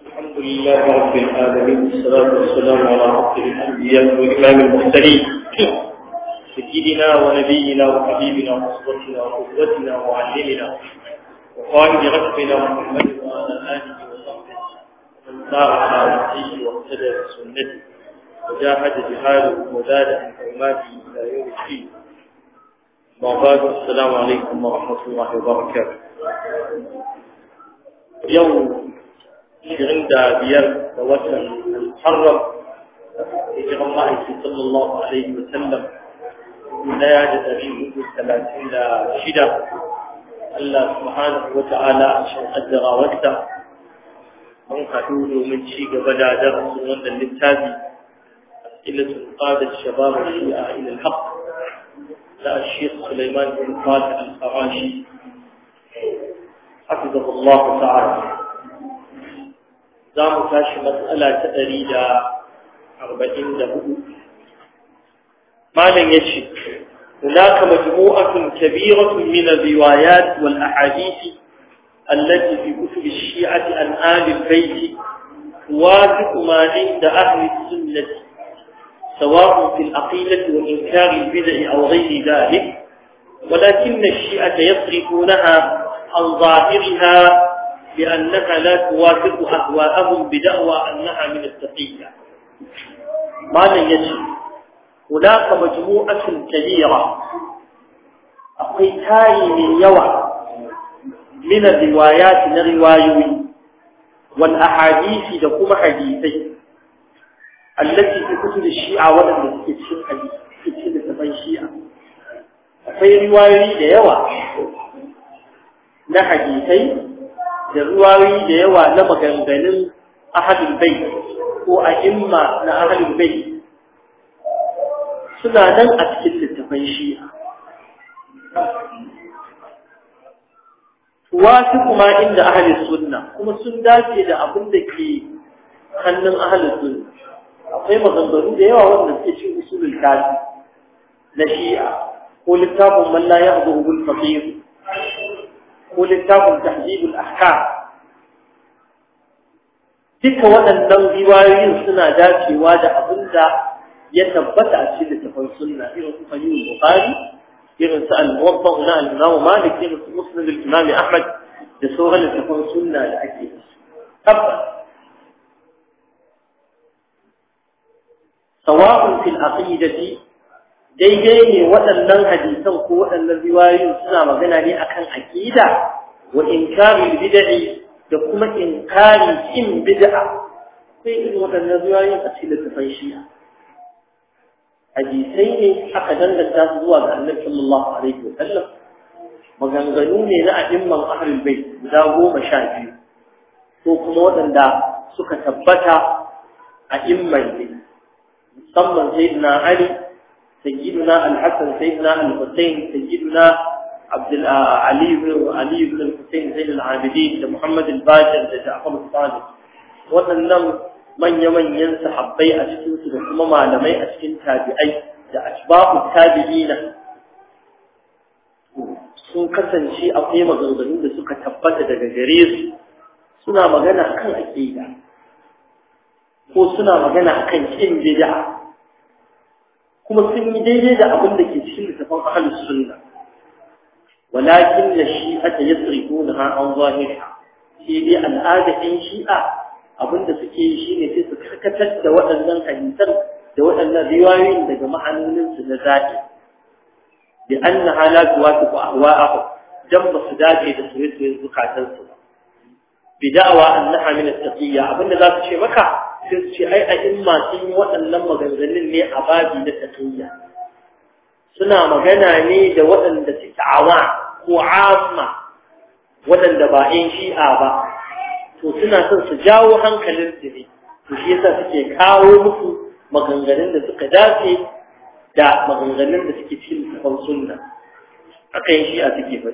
الحمد لله رب العالمين والصلاة والسلام على أفضل الأنبياء وإمام المرسلين سيدنا ونبينا وحبيبنا وصدقنا وقوتنا وعلمنا وقائد ربنا محمد وعلى آله وصحبه من سار على نفسه واقتدى بسنته وجاهد جهاده وزاد عن حرماته إلى يوم الدين مغاد السلام عليكم ورحمة الله وبركاته اليوم في عند ديال وطن المحرم إجراء الله صلى الله عليه وسلم لا يجد في مدة ثلاثين شدة الله سبحانه وتعالى أشهد أدرى وقتا من قدوله من شيء قبل درس سنوان للتابي أسئلة قادة الشباب الشيئة إلى الحق الشيخ سليمان بن صالح الفراشي حفظه الله تعالى زام تاشي مسألة تأريد أربعين دهو ما لن يشي هناك مجموعة كبيرة من الروايات والأحاديث التي في كتب الشيعة عن آل البيت توافق ما عند أهل السنة سواء في الأقيلة وإنكار البدع أو غير ذلك ولكن الشيعة يصرفونها عن ظاهرها بأنها لا توافق أهواءهم بدعوى أنها من التقية ما لن هناك مجموعة كبيرة أقيتاي من يوع من الروايات الروايوي والأحاديث لكم حديثين التي في كتب الشيعة ولم تكتب كتب تبين الشيعة في riwayoyi da yawa na hadisai da riwayoyi da yawa na maganganun ahadul bai ko a imma na nan a cikin wasu kuma inda ahalin sunna kuma sun dace da abin da ke hannun ahalin sunna akwai maganganu da yawa wanda suke cin usulul kafi na shi'a ko littafin man la yahduhu bil faqir ko littafin tahdibul ahkam duka waɗannan riwayoyin suna dacewa da abin da ya tabbata a cikin littafin sunna irin su fahimul irin su al-muwaffaq na al-imam malik irin su musnad al-imam ahmad da sauran littafin sunna da ake da su tabbas sawa'un fil aqidati daidai ne waɗannan hadisan ko waɗannan riwayoyin suna magana ne akan aqida wa inkari bid'i da kuma inkari yin bid'a sai irin waɗannan riwayoyin a cikin littafin shi'a hadisai ne aka danganta su zuwa ga annabi sallallahu alaihi wa sallam maganganu ne na a'imman ahlul bait guda goma sha biyu ko kuma waɗanda suka tabbata a imman musamman sayyidina ali sayyidina al-hasan sayyidina al-husayn sayyidina عبد علي بن علي بن الحسين زين da ده محمد الباجر ده جعفر الصادق waɗannan manya-manyan sahabbai a cikinsu da kuma malamai a cikin tabi'ai da asbabu tabi'ina sun kasance akwai maganganu da suka tabbata daga gare su suna magana kan aqida ko suna magana kan ƙin bid'a kuma sun yi daidai da abin da ke cikin littafin ahlus sunna walakin la shi'ata yasrifunaha an zahiriha sai dai al'ada ɗin shi'a abin da suke yi shine sai su karkatar da waɗannan hadisan da waɗannan riwayoyin daga ma'anonin su na zaɓi bi annaha la tuwafiqu ahwa'ahum dan ba su dace da su soyayyen zukatansu ba bi da'awa annaha min at-taqiyya da za su ce maka sai su ai a imma sun yi waɗannan maganganun ne a babi na tafiya suna magana ne da waɗanda suke awa ko amma waɗanda ba in shi'a ba to suna son su jawo hankalin su ne to shi yasa suke kawo muku maganganun da suka dace da maganganun da suke cikin littafin sunna akan shi'a suke ba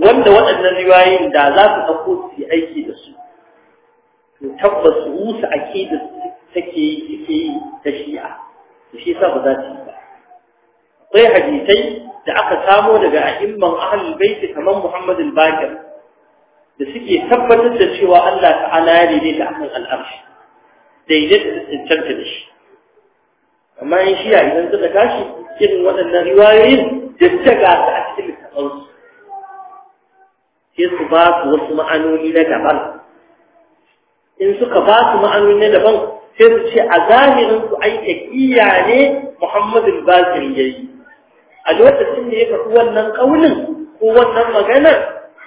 wanda waɗannan riwayoyin da za su ɗauko su yi aiki da su to tabbas rusa akida take take ta shi'a shi yasa ba za ta yi ba akwai hadisai da aka samo daga a'imman ahlul bait kamar Muhammad al-Baqir da suke tabbatar da cewa Allah ta'ala ya daidaita akan al'arshi daidaita da da shi amma in shiya idan suka tashi irin waɗannan riwayoyin duk daga su a cikin littafansu sai su ba su wasu ma'anoni na daban in suka ba su ma'anoni ne daban sai su ce a zahirin su ai taqiya ne Muhammadu Basir yayi a lokacin da ya faɗi wannan kaulin ko wannan maganar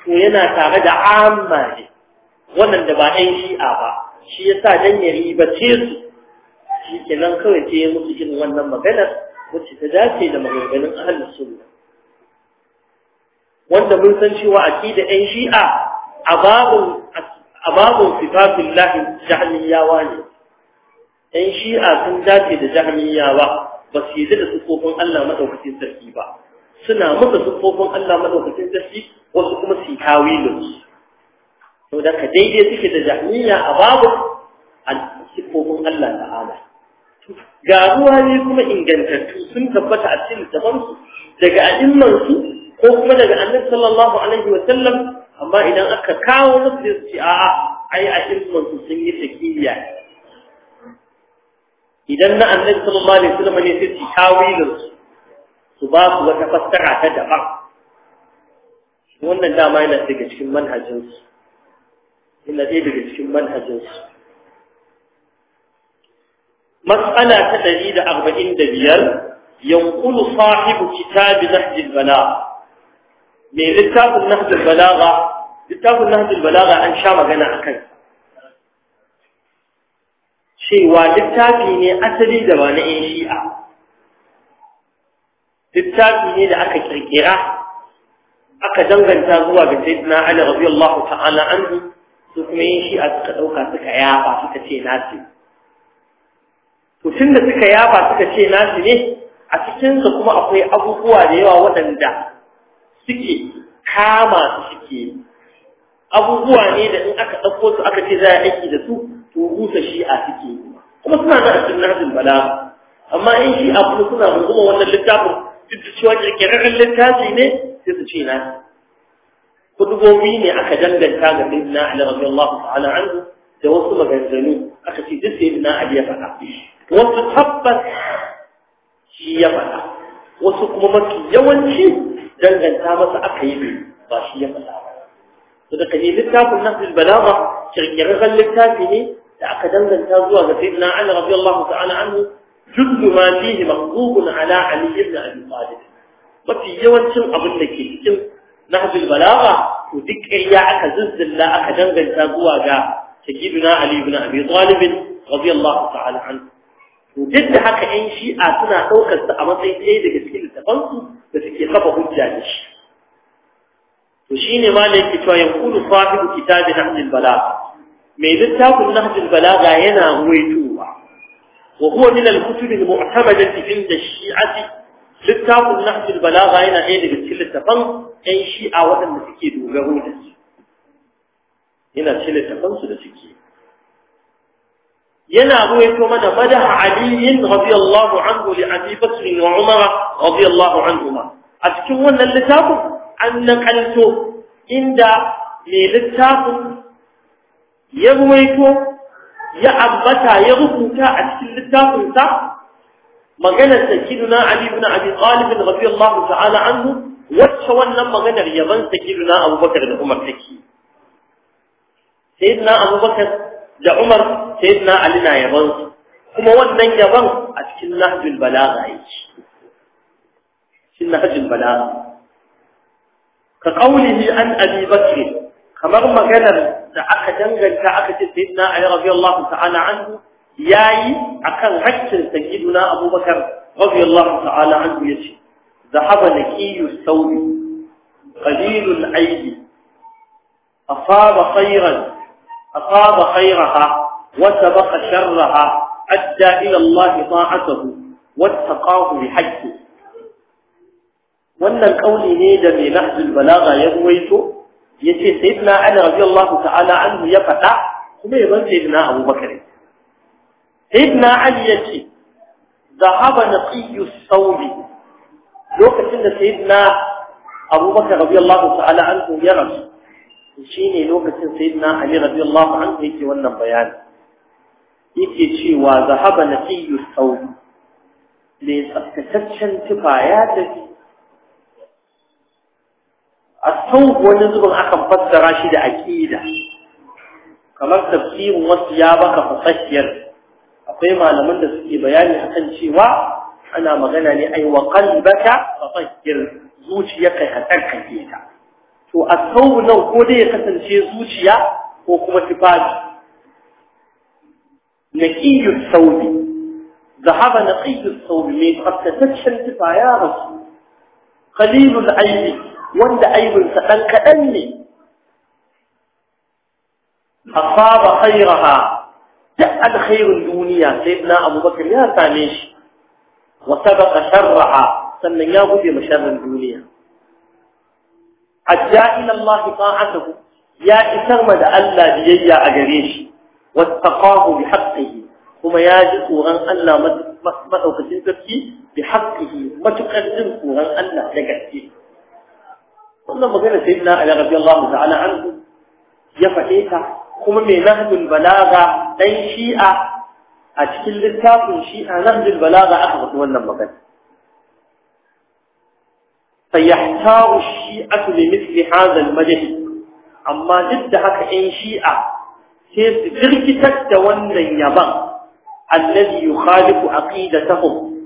to yana tare da amma ne wannan da ba ɗan shi'a ba shi yasa dan ya ribace su shi kenan kawai ce ya musu irin wannan maganar wacce ta dace da maganganun ahlus sunna wanda mun san cewa aqida ɗan shi'a a babu Ababu babu sifatun lahin jahamiyawa ne ‘yan shi'a sun dace da jahamiyawa ba su yi da siffofin Allah maɗaukacin sarki ba suna masa siffofin Allah maɗaukacin sarki wasu kuma su yi kawilin to da ka daidai suke da jahamiya a babu siffofin Allah ta'ala ga ruwa ne kuma ingantattu sun tabbata a cikin littafansu daga a'immansu ko kuma daga annabi sallallahu alaihi wa sallam amma idan aka kawo musu sai a'a ai a ilmin su sun yi takiyya idan na annabi sallallahu alaihi wasallam ne sai su tawilin su su ba su wata fassara ta daban wannan dama yana daga cikin manhajin su yana ɗaya daga cikin manhajin su mas'ala ta 145 yanqulu sahibu kitab nahj al-bala Me littafin nahjul balaga littafin nahjul an sha magana akan cewa littafi ne asali da ba na yan shi'a littafi ne da aka kirkira aka danganta zuwa ga sayyidina ali radiyallahu ta'ala anhu su kuma yin shi'a suka dauka suka yafa suka ce nasi to tunda suka yafa suka ce nasi ne a cikinsa kuma akwai abubuwa da yawa waɗanda suke kama su suke abubuwa ne da in aka ɗauko su aka ce za a aiki da su to rusa shi'a suke kuma suna da cikin nazin bala amma in shi kuma suna hukuma wannan littafin duk da cewa kirkirarren littafi ne sai su ce na kudubobi ne aka danganta ga sayyidina Ali radiyallahu ta'ala anhu da wasu maganganu aka ce duk na Ali ya faɗa wasu tabbas shi ya faɗa wasu kuma mafi yawanci danganta masa aka yi bai ba shi ya faɗa ba to da kaje littafin nahjul balagha kirkirarren littafi ne da aka danganta zuwa ga sayyidina Ali radiyallahu ta'ala anhu juzzu ma fihi mahdubun ala Ali ibn Abi Talib mafi yawancin abin da ke cikin nahjul balagha to duk ƙarya aka zuzzilla aka danganta zuwa ga sayyidina Ali ibn Abi Talib radiyallahu ta'ala anhu duk da haka yan shi'a suna ɗaukar su a matsayin ɗaya daga cikin littafansu da suke kafa hujja da shi to shine ma da yake cewa yanqulu sahibu kitabi nahjul balagha mai littafin nahjul balagha yana ruwaitowa wa huwa min al-kutub al-mu'tamadati inda shi'ati littafin nahjul balagha yana ɗaya daga cikin littafan yan shi'a waɗanda suke dogaro da shi yana cikin littafansu da suke yana ruwaito mana madaha aliyin radiyallahu anhu li abi bakr wa umar radiyallahu anhuma a cikin wannan littafin an nakalto inda mai littafin ya ruwaito ya ambata ya rubuta a cikin littafinsa. sa maganar sayyiduna ali ibn abi talib radiyallahu ta'ala anhu wacce wannan maganar yaban sayyiduna abubakar da umar take sayyiduna abubakar da Umar sayyidina Ali na yaban su kuma wannan yaban a cikin nahjul balagha yake cikin nahjul balagha ka qawlihi an Abi Bakr kamar maganar da aka danganta aka ce sayyidina Ali radiyallahu ta'ala anhu yayi akan haƙƙin sayyidina Abubakar radiyallahu ta'ala anhu yace ذهب نكي الثوب قليل العيب أصاب خيرا أصاب خيرها وسبق شرها أدى إلى الله طاعته واتقاه بحجه wannan kauli ne da mai nahjul balaga ya ruwaito yace sayyidina ali radiyallahu ta'ala anhu ya faɗa kuma yaban sayyidina abubakar sayyidina ali yace zahaba na naqiyu sauri lokacin da sayyidina abubakar radiyallahu ta'ala anhu ya rasu shine lokacin sayyidina Ali radiyallahu anhu yake wannan bayani yake cewa zahaba nasiyu thawb ne tsaftataccen tufa ya tafi الثوب ونزبن akan fassara shi da aƙida kamar tafsirin wasu ya baka fasashiyar. akwai malaman da suke bayani akan cewa ana magana ne ai wa qalbaka fasahiyar zuciyarka ka tsarkake ta to a asau nan ko dai ya kasance zuciya ko kuma tufafi naqiyyus sawbi zahaba naqiyyus sawbi mai tsaftataccen tufa ba rasu qalilul aibi wanda aibin sa dan kadan ne asaba khairaha duk alkhairin duniya sai na abubakar ya same shi wa sabaqa sharra sannan ya guje masharran duniya adda ila Allah ta'atuhu ya isar ma da Allah biyayya a gare shi wattaqahu bi haqqihi kuma ya ji tsoron Allah madaukakin sarki bi haqqihi matukar jin tsoron Allah da gaske wannan magana sai na Ali radiyallahu ta'ala anhu ya faɗe ta kuma mai nahjul balaga dan shi'a a cikin littafin shi'a nahjul balaga aka faɗi wannan magana فيحتار الشيعة لمثل هذا المجد أما ضد هكا إن شيعة تركتك تولى يبان الذي يخالف عقيدتهم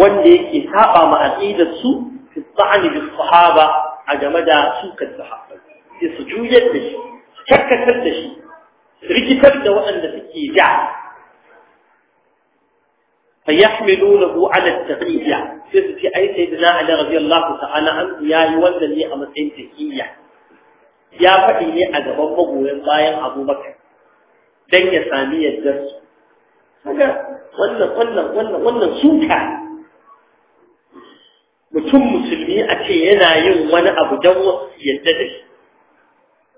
والذي يتابع مع عقيدة سوء في الطعن بالصحابة أجمد سوق الصحابة في سجوية تشي شكة تشي رجتك تولى تكي جعل فيحملونه على التقية في أي سيدنا علي رضي الله تعالى عنه يا يولد لي أمسين تكية يا فإني أدبب ويطايا أبو بكر دن يسامي الدرس هذا wannan wannan wannan wannan suka mutum musulmi a ce yana yin wani abu don wasu yadda da shi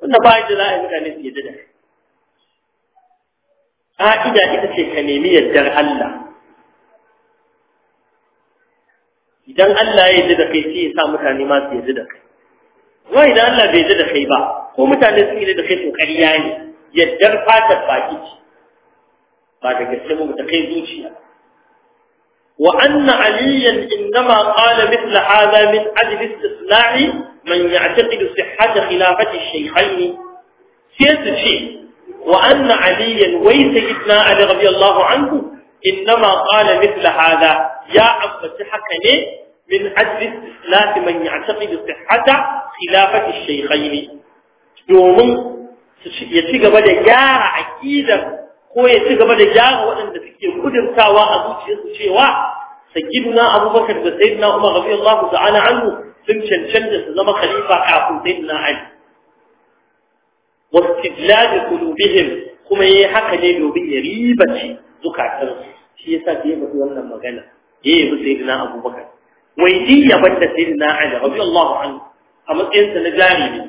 wanda ba da za a yi mutane su yadda da shi ita ce ka nemi yardar Allah dan Allah ya yi da kai sai ya sa mutane ma su yi da kai wai dan Allah bai yi da kai ba ko mutane su yi da kai kokari ya ne yaddar fatar baki ce ba da gaske mu da kai zuciya wa anna aliyan indama qala mithla hadha min ajli istisna'i man ya'taqidu sihhat khilafati ash-shaykhayn sai su ce wa anna aliyan wai sayyidina ali radiyallahu anhu إنما قال مثل هذا يا أبتي حكني min ajli istinasi man ya'taqidu sihhata khilafati ash-shaykhayn domin ya ci gaba da gyara aqidar ko ya ci gaba da gyara waɗanda suke kudurtawa a zuciyarsu cewa sayyiduna abubakar da sayyidina umar radiyallahu ta'ala anhu sun cancanta su zama khalifa kafin sayyidina ali واستدلال قلوبهم kuma yayi haka ne domin ya ribace zukatan shi yasa da ya faɗi wannan magana ya yi sai dina abubakar wai ji ya banda sayyidina ali radiyallahu anhu a matsayin sa na jari ne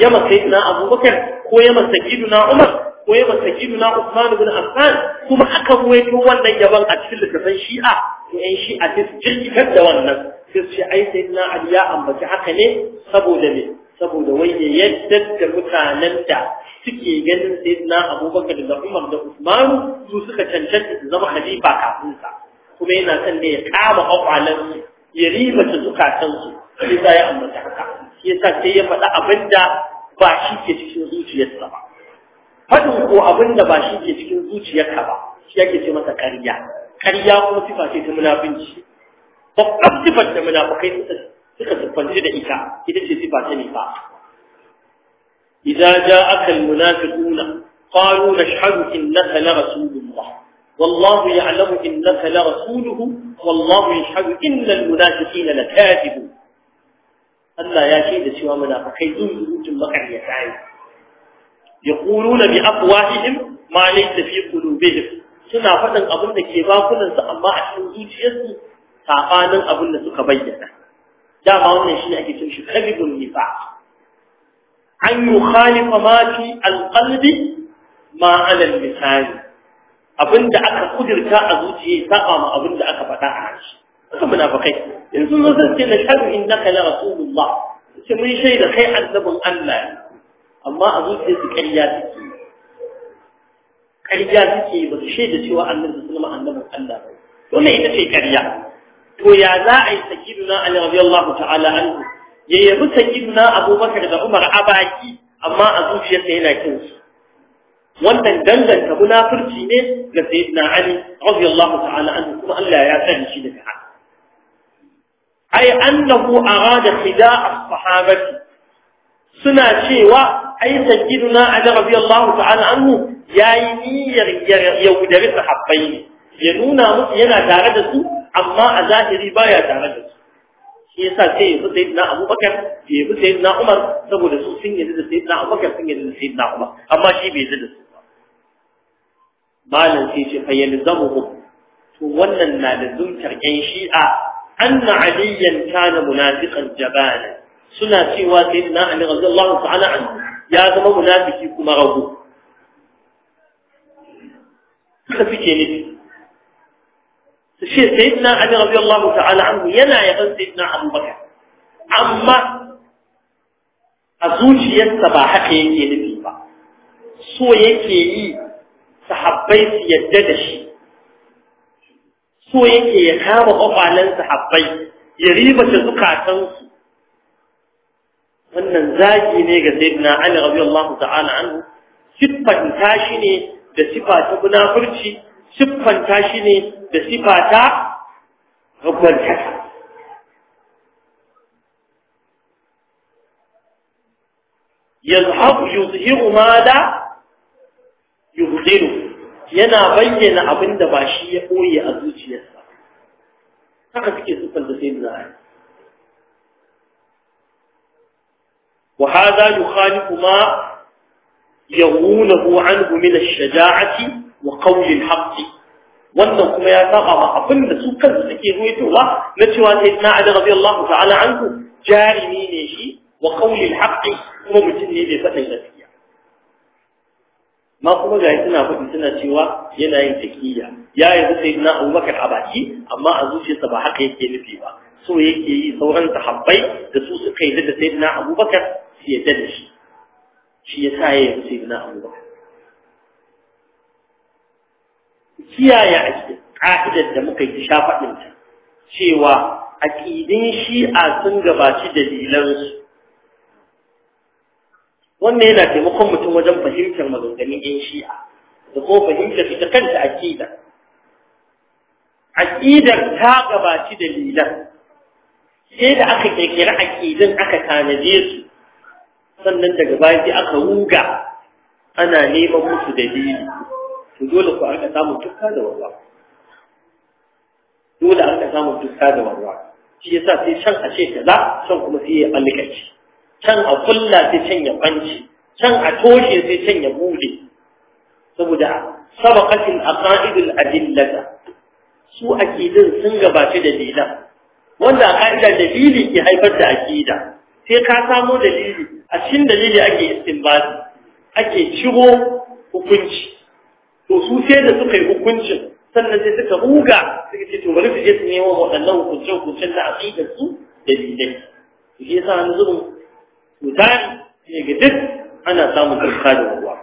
ya ma sayyidina abubakar ko ya ma sayyidina umar ko ya ma sayyidina usman ibn affan kuma aka ruwaito wannan yaban a cikin littafin shi'a to yan shi'a sai su da wannan sai su ce ai sayyidina ali ya ambaci haka ne saboda ne saboda wai ya yadda da mutanen da suke ganin sayyidina abubakar da umar da usman su suka cancanta su zama halifa kafin sa kuma yana son ne ya kama kwakwalansu ya riba ta zukatansu sai za ya ambata haka shi yasa sai ya faɗa abin da ba shi ke cikin zuciyarsa ba faɗin ko abin da ba shi ke cikin zuciyarka ba shi yake ce masa karya, karya kuma sifa ce ta munafunci babban sifar da munafukai suka siffanci da ita ita ce sifa ta nifa إذا جاءك المنافقون قالوا نشهد إنك لرسول الله والله يعلم إنك لرسوله والله يشهد إن المنافقين لكاذبون الله يا شيء سوى منافقين ذنوب المقع يتعين يقولون بأقوالهم ما ليس في قلوبهم suna faɗin abin da ke bakunansu amma a cikin zuciyarsu saɓanin abin da suka bayyana dama wannan shi ne ake cin shi kalibun ba. an yukhalifa ma fi alqalbi ma ala abinda aka kudirta a zuciya saba ma abinda aka faɗa a harshe haka munafikai in sun zo sun ce la shahadu innaka la rasulullah sai mun shaida kai annabin Allah ne amma a zuciya su ƙarya take ƙarya take ba su shaida cewa annabi sallama annabin Allah ba dole ita ce ƙarya to ya za a yi sayyiduna ali radiyallahu ta'ala anhu ya yabi sayyiduna abubakar da umar Abaki, amma a zuciyarsa yana kin su wannan danganta munafurci ne ga sayyidina Ali radiyallahu ta'ala anhu kuma Allah ya sani shi daga haka ai annahu arada khida'a sahabati suna cewa ai sayyidina Ali radiyallahu ta'ala anhu yayi niyyar yaudari sahabbai ne ya nuna musu yana tare da su amma a zahiri baya tare da su shi yasa sai ya fi sayyidina Abubakar ya fi sayyidina Umar saboda su sun yi da sayyidina Abubakar sun yi da sayyidina Umar amma shi bai yi da su malam sai ce fayyalzamuhum to wannan na da zuntar yan shi'a anna aliyan kana munafiqan jabana suna cewa sayyidina ali radiyallahu ta'ala anhu ya zama munafiki kuma rago suka fice ne su ce sayyidina ali radiyallahu ta'ala anhu yana yaban sayyidina abubakar amma a zuciyarsa ba haka yake nufi ba so yake yi sahabbai su yadda da shi so yake ya kama kwakwalen sahabbai ya ta zukatansu wannan zagi ne ga sayyidina Ali radiyallahu ta'ala anhu siffanta shi ne da sifa ta munafurci siffanta shi ne da sifa ta rukunta ma da, ماذا يبطل yana bayyana abin da ba shi ya koye a zuciyarsa haka suke sufan da sayyidina ali wa hadha yukhalifu ma yawunahu anhu min ash-shaja'ati wa wannan kuma ya saba ma abin da su kansu suke ruwaitowa na cewa sayyidina ali radiyallahu ta'ala anhu jarimi ne shi wa qawli al kuma mutum ne bai faɗin gaskiya ma kuma ga suna faɗi suna cewa yana yin takiyya ya yanzu sai na abubakar a baki amma a zuciyarsa ba haka yake nufi ba so yake yi sauran sahabbai da su suka yi da sai na abubakar su yadda da shi shi ya sa ya sai na abubakar kiyaye a ka'idar da muka yi sha faɗinta cewa shi a sun gabaci dalilansu wannan yana taimakon mutum wajen fahimta maganganun yan shi'a da ko fahimta ta kanta aqida aƙidar ta gabaci dalilan sai da aka kekere aqidan aka tanaje su sannan daga baya sai aka ruga ana neman musu dalili to dole ku aka samu tukka da wawa? dole aka samu tukka da wawa? shi yasa sai can a ce kaza can kuma sai ya balkaci can a kulla sai can ya banci can a toshe sai can ya bude saboda sabaqatil aqaidil adillata su aqidin sun gabace dalilan wanda aqida dalili ke haifar da aqida sai ka samo dalili a cikin dalili ake istinbati ake ciro hukunci to su sai da suka yi hukuncin sannan sai suka huga suka ce to bari su je su nemo waɗannan hukuncin-hukuncin, na aqidar su dalilai shi yasa an zubin mutane ne ga duk ana samun turka da ruwa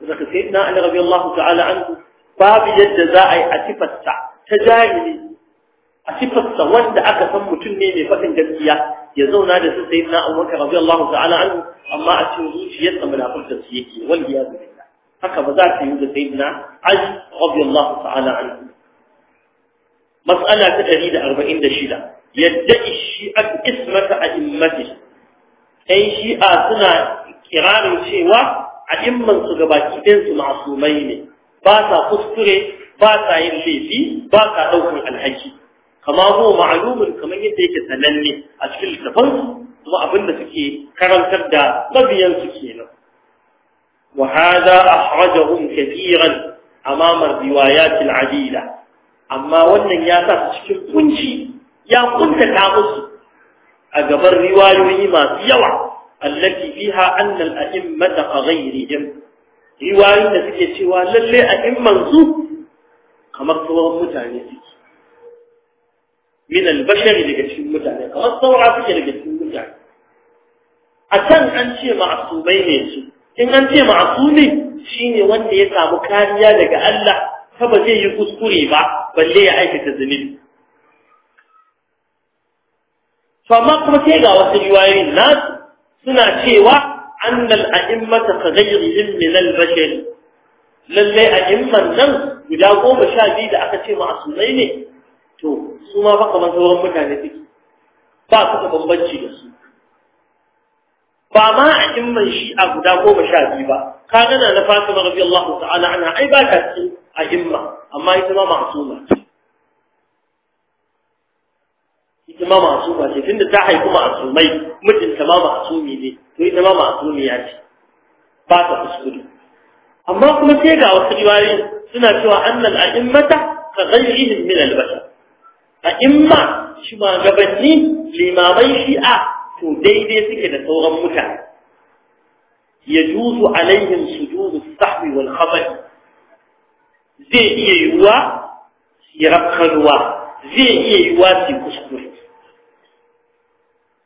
zaka sai na ali radiyallahu ta'ala anhu babu yadda za a yi a sifarsa ta jahili a sifarsa wanda aka san mutum ne mai faɗin gaskiya ya zauna da su sayyidina Abubakar radiyallahu ta'ala anhu amma a cikin zuciyarsa munafurta su yake wal ya billah haka ba za ta yi da sayyidina Ali radiyallahu ta'ala anhu mas'ala ta 146 yadda shi al ismata a'immati ai shi'a suna ikirarin cewa a imman su gabaki ɗin su masumai ne ba sa kuskure ba sa yin laifi ba sa ɗaukar alhaki kama mu ma'lumun kamar yadda yake sananne a cikin littafan kuma abin da suke karantar da mabiyan su kenan wa hada ahrajahum kathiran amama riwayat al-adila amma wannan ya sa su cikin kunci ya kunta ta musu a gaban riwayoyi masu yawa allati fiha anna al-a'immata ka ghayrihim riwayoyin da suke cewa lalle a'imman su kamar sauran mutane suke min al-bashari daga cikin mutane kamar saura suke daga cikin mutane a can an ce ma'asubai ne in an ce ma'asumi shine wanda ya samu kariya daga Allah ta zai yi kuskure ba balle ya aikata zunubi to amma kuma ga wasu riwayoyin nasu suna cewa annal a'immata ka ghayrihim min al-bashar lalle a'imman nan guda goma sha biyu da aka ce ma'asumai ne to su ma fa kamar sauran mutane suke ba su da bambanci da su ba ma a'imman a guda goma sha biyu ba ka gana na fatima radiyallahu ta'ala anha ai ba ta cikin a'imma amma ita ma ma'asuma ce kuma masuma ce tunda ta haifi masumai mijinta ma masumi ne to ita ma ya ce ba ta kuskure amma kuma sai ga wasu riwayoyi suna cewa annal a'immata ka ghayrihim min al-bashar a'imma shugabanni limamai shi'a to daidai suke da sauran mutane yajuzu alaihim sujudu sahwi wal khabar zai iya yiwuwa ya rakkanuwa zai iya yiwuwa su kuskure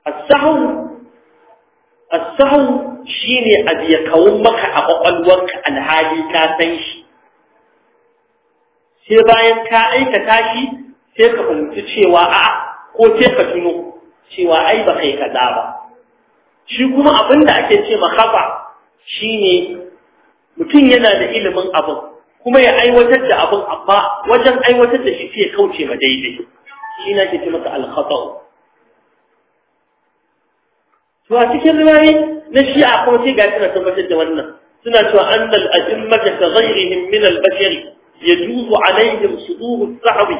as-sahw as-sahw shine abu ya maka a kwakwalwarka alhali ka shi sai bayan ka aikata shi sai ka fahimci cewa a ko sai ka tuno cewa ai ba kai kaza ba shi kuma abin da ake ce makafa shine mutum yana da ilimin abin kuma ya aiwatar da abin amma wajen aiwatar da shi sai kauce ma daidai shi na ke ce maka alkhata'u to a cikin riwayi na shi'a kuma sai ga suna tabbatar da wannan suna cewa annal ajin ka ghayrihim min al-bashari يجوز عليهم صدور السحو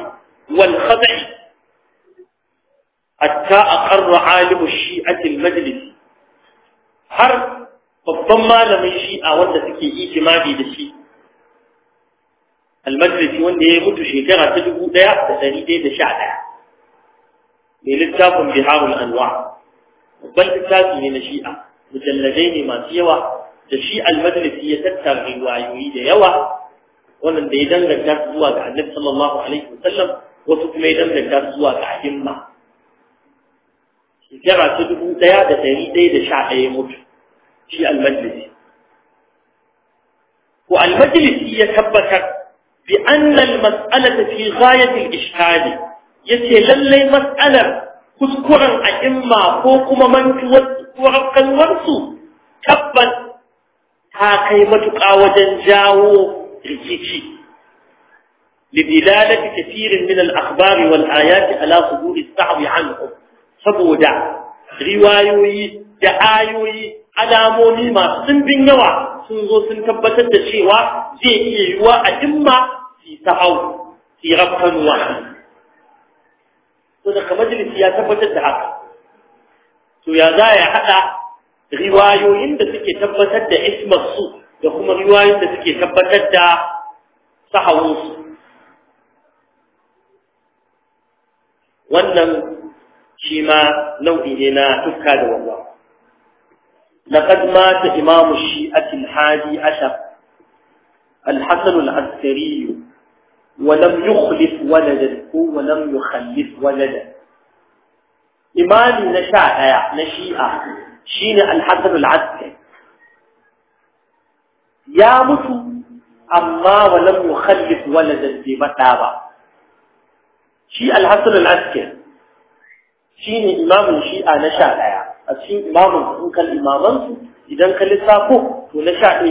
والخدع حتى أقر عالم الشيعة المجلس har babban malamin shi'a wanda suke ijimadi da shi almajlisi wanda ya mutu shekara ta dubu ɗaya da ɗari daya da sha ɗaya mai littafin biharul anwa وبلد كاتي من شيئة مجلدين ما سيوا تشيئ المجلس هي تتغي وعيويد يوا ومن بيدن لكات الزواج عن نبي صلى الله عليه وسلم وتتميدن لكات الزواج عن همة جرى تدبو تيادة تريدي دشاء يموت في المجلس والمجلس هي تبكى بأن المسألة في غاية الإشكال يتي للي مسألة kuskuren a'imma ko kuma mantuwar kalwarsu tabbas ta kai matuƙa wajen jawo rikici لدلالة كثير من الأخبار والآيات على صدور الصعب عنهم saboda riwayoyi da ayoyi alamomi masu ɗimbin yawa sun zo sun tabbatar da cewa zai iya yiwuwa a imma fi sahau fi rafkanuwa to daga majalisi ya tabbatar da haka to ya za ya haɗa riwayoyin da suke tabbatar da ismar su da kuma riwayoyin da suke tabbatar da su wannan shi ma nau'i ne na tukka da wawa لقد مات إمام الشيعة الحادي عشر الحسن العسكري ولم يخلف ولدا هو لم يخلف ولدا إمام نشاء آه، نشيئة شين الحسن العسكري يا متو أما ولم يخلف ولدا بمتابة شيء الحسن العسكري شين إمام نشيئة نشاء a cikin imamun in kal imamansu idan ka lissafo to na sha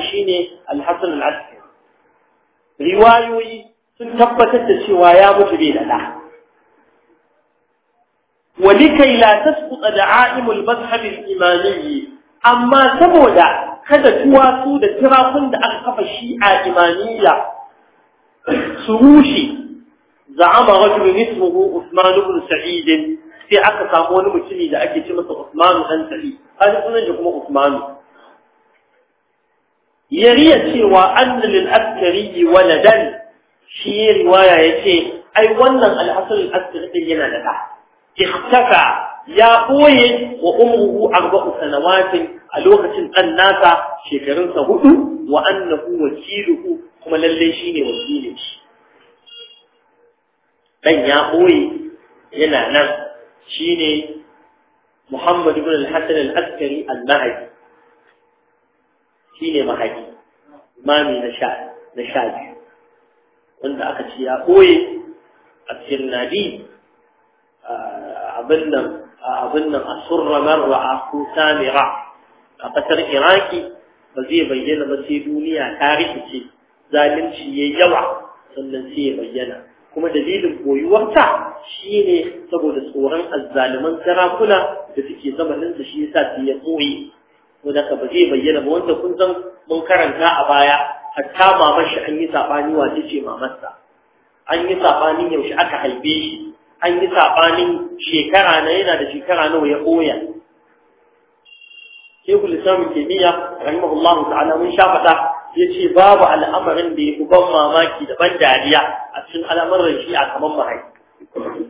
ɗaya sun tabbatar da cewa ya mutu bai da ɗa walikai la tasquta da'aimul mazhab al-imani amma saboda kada tuwatu da tirakun da aka kafa shi'a imaniya su rushe za'ama rajulun ismuhu Usmanu bin Sa'idin, sai aka samu wani mutumi da ake ce masa Usman dan Sa'id har sunan da kuma Usman yariya cewa anna lil askari waladan shi riwaya ce ai wannan al-hasan al yana da da ikhtaka ya ɓoye wa ummuhu arba'u sanawatin a lokacin ɗan nasa shekarunsa hudu wa annahu wakiluhu kuma shi ne wakilin shi Ɗan ya boye yana nan shine Muhammad ibn al-Hasan al-Askari al-Mahdi shine mahdi imami na sha biyu wanda aka ce ya ɓoye a sirnadi abin abin nan a surra marra ko samira a ƙasar iraki ba zai bayyana ba sai duniya tarihi ce zalunci ya yawa sannan sai ya bayyana kuma dalilin koyuwarta shi ne saboda tsoron azzaliman sarakuna da suke zamaninsa shi yasa sai ya ɓoye ko da ka ba zai bayyana ba wanda kun san mun karanta a baya hatta mamar shi an yi sabani wace ce mamarsa an yi sabanin yaushe aka haife shi an yi sabanin shekara na yana da shekara nawa ya koya shekul islam kimiyya rahimahullahu ta'ala mun sha fata yace babu al'amarin da yafi ban mamaki da ban dariya a cikin al'amarin shi a kaman mahaifi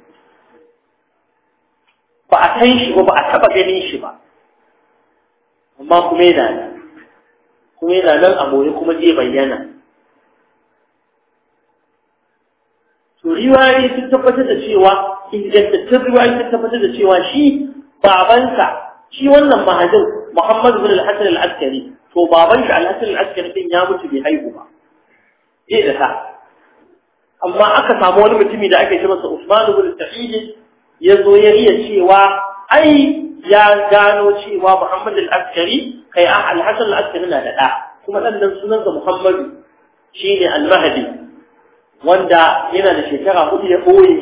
ba a san shi ba ba a taba ganin shi ba amma kuma yana kuma yana nan a boye kuma zai bayyana to riwayoyi sun tabbatar da cewa ingantattun riwayoyi sun tabbatar da cewa shi babansa shi wannan mahajin Muhammadu bin al-Hasan al-Askari to baban shi al-Hasan al-Askari din ya mutu bai haihu ba eh da ta amma aka samu wani mutumi da ake ce masa Usman bin Sa'id ya zo ya riya cewa ai ya gano cewa Muhammad al-Askari kai a ah, al-Hasan al-Askari na da kuma ɗannan nan sunansa Muhammadu shine al-Mahdi wanda yana da shekara hudu ya ɓoye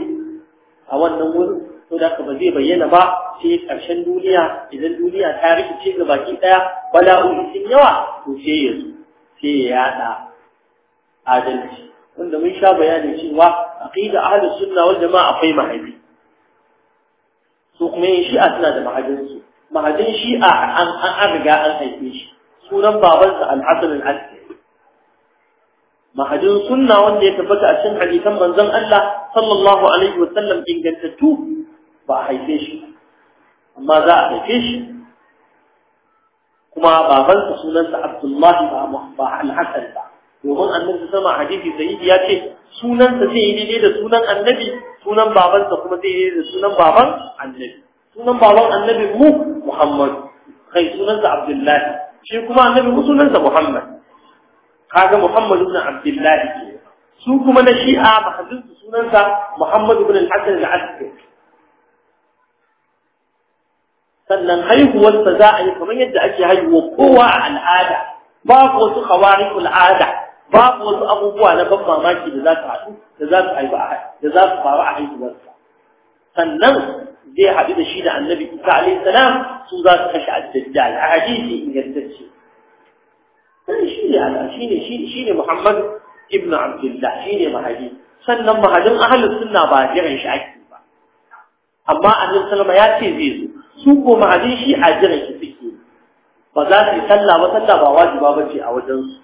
a wannan wurin to da ba zai bayyana ba sai ƙarshen duniya idan duniya ta rikice ga baki ɗaya bala'o'i sun yawa to sai ya zo sai ya yaɗa adalci wanda mun sha bayani cewa aqida ahlus sunna wal jama'a akwai mahaifi su kuma yin shi'a suna da mahajinsu mahajin shi'a an riga an haife shi sunan babansa al'asar al'asar mahajin sunna wanda ya tabbata a cikin hadisan manzon Allah sallallahu alaihi wa sallam ingantattu ba a haife shi amma za a haife shi kuma babansa sunansa Abdullahi ba ba al-Hasan ba domin annabi sama hadisi sahihi ya ce sunansa zai yi daidai da sunan annabi sunan babansa kuma zai yi da sunan baban annabi sunan baban annabi mu Muhammad kai sunansa Abdullahi shi kuma annabi mu sunansa Muhammad kaga Muhammad ibn Abdullahi ke su kuma na Shi'a mahadin sunansa Muhammad ibn al-Hasan al-Askari sannan haihuwar sa za a yi kamar yadda ake haihuwa kowa a al'ada Ba babu wasu khawarikul al'ada babu wasu abubuwa na ban mamaki da za su haɗu da za su haifu da za su faru a haihuwarsa sannan zai haɗu da shi da annabi isa alaihi salam su za su kashe addajjal a hadisi ingantacce sai shi ne ala shi ne shi shi ne muhammad ibnu abdullah shi ne mahadi sannan mahadin ahlus sunna ba a jiran shi ake ba amma annabi sallama ya ce zai zo su ko mahadin shi a jiran shi suke ba za su yi sallah ba sallah ba wajiba bace a wajen su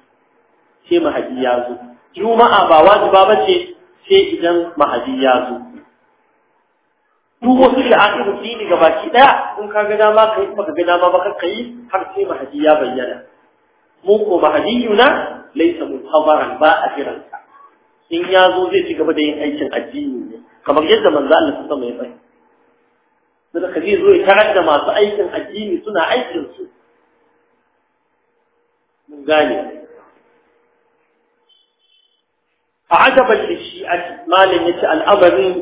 sai mahaji ya zo juma'a ba wajiba ce, sai idan mahadi ya zo duk wasu sha'a'ir dini ga baki daya kun ka ga dama kai ba ka ga dama ba ka yi har sai mahadi ya bayyana mu ko yuna laysa muntazaran ba a ka. in ya zo zai ci gaba da yin aikin addini ne kamar yadda manzo Allah ta sama ya bai sai ka zo ya da masu aikin addini suna aikin su mun gane fa'ajaban da shi'a malin ci al'amarin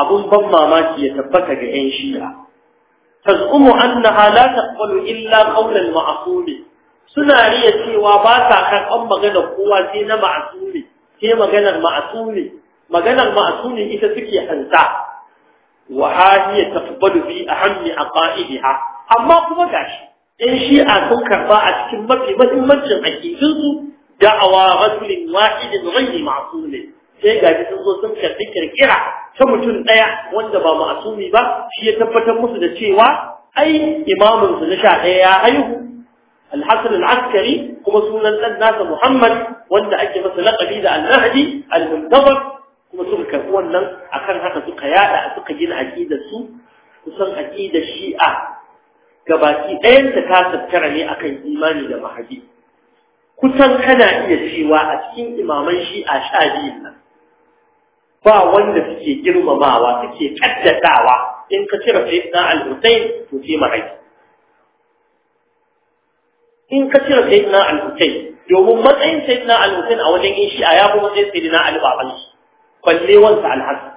abun ban mamaki ya tabbata ga yan shi'a tazumu annaha la taqbalu illa qawlan ma'qul suna riya cewa ba sa karɓar magana kowa sai na ma'sumi sai maganar ma'sumi maganar ma'sumi ita suke hanta wa hadiya taqbalu fi ahammi aqaidiha amma kuma gashi yan shi'a sun karba a cikin mafi mahimmancin aƙidinsu da'awa rajulin wahidin ghayri ne sai ga sun zo sun karbi kirkira ta mutum daya wanda ba ma'sumi ba shi ya tabbatar musu da cewa ai imaminsu su na sha daya ya haihu askari kuma sunan ɗan nasa Muhammad. wanda ake masa laqabi da al-mahdi al-muntazir kuma suka karbi wannan akan haka suka yada suka gina aqidar su kusan aqidar shi'a gabaki ɗayan ta tattara ne akan imani da Mahadi. kusan kana iya cewa a cikin imaman shi'a sha biyu nan ba wanda suke girmamawa suke kaddadawa in ka cire sayyidina al-husayn to sai mahaifi in ka cire sayyidina al-husayn domin matsayin sayyidina al-husayn a wajen yin shi'a ya fi matsayin sayyidina al-baban shi kwalle wansa al-hasan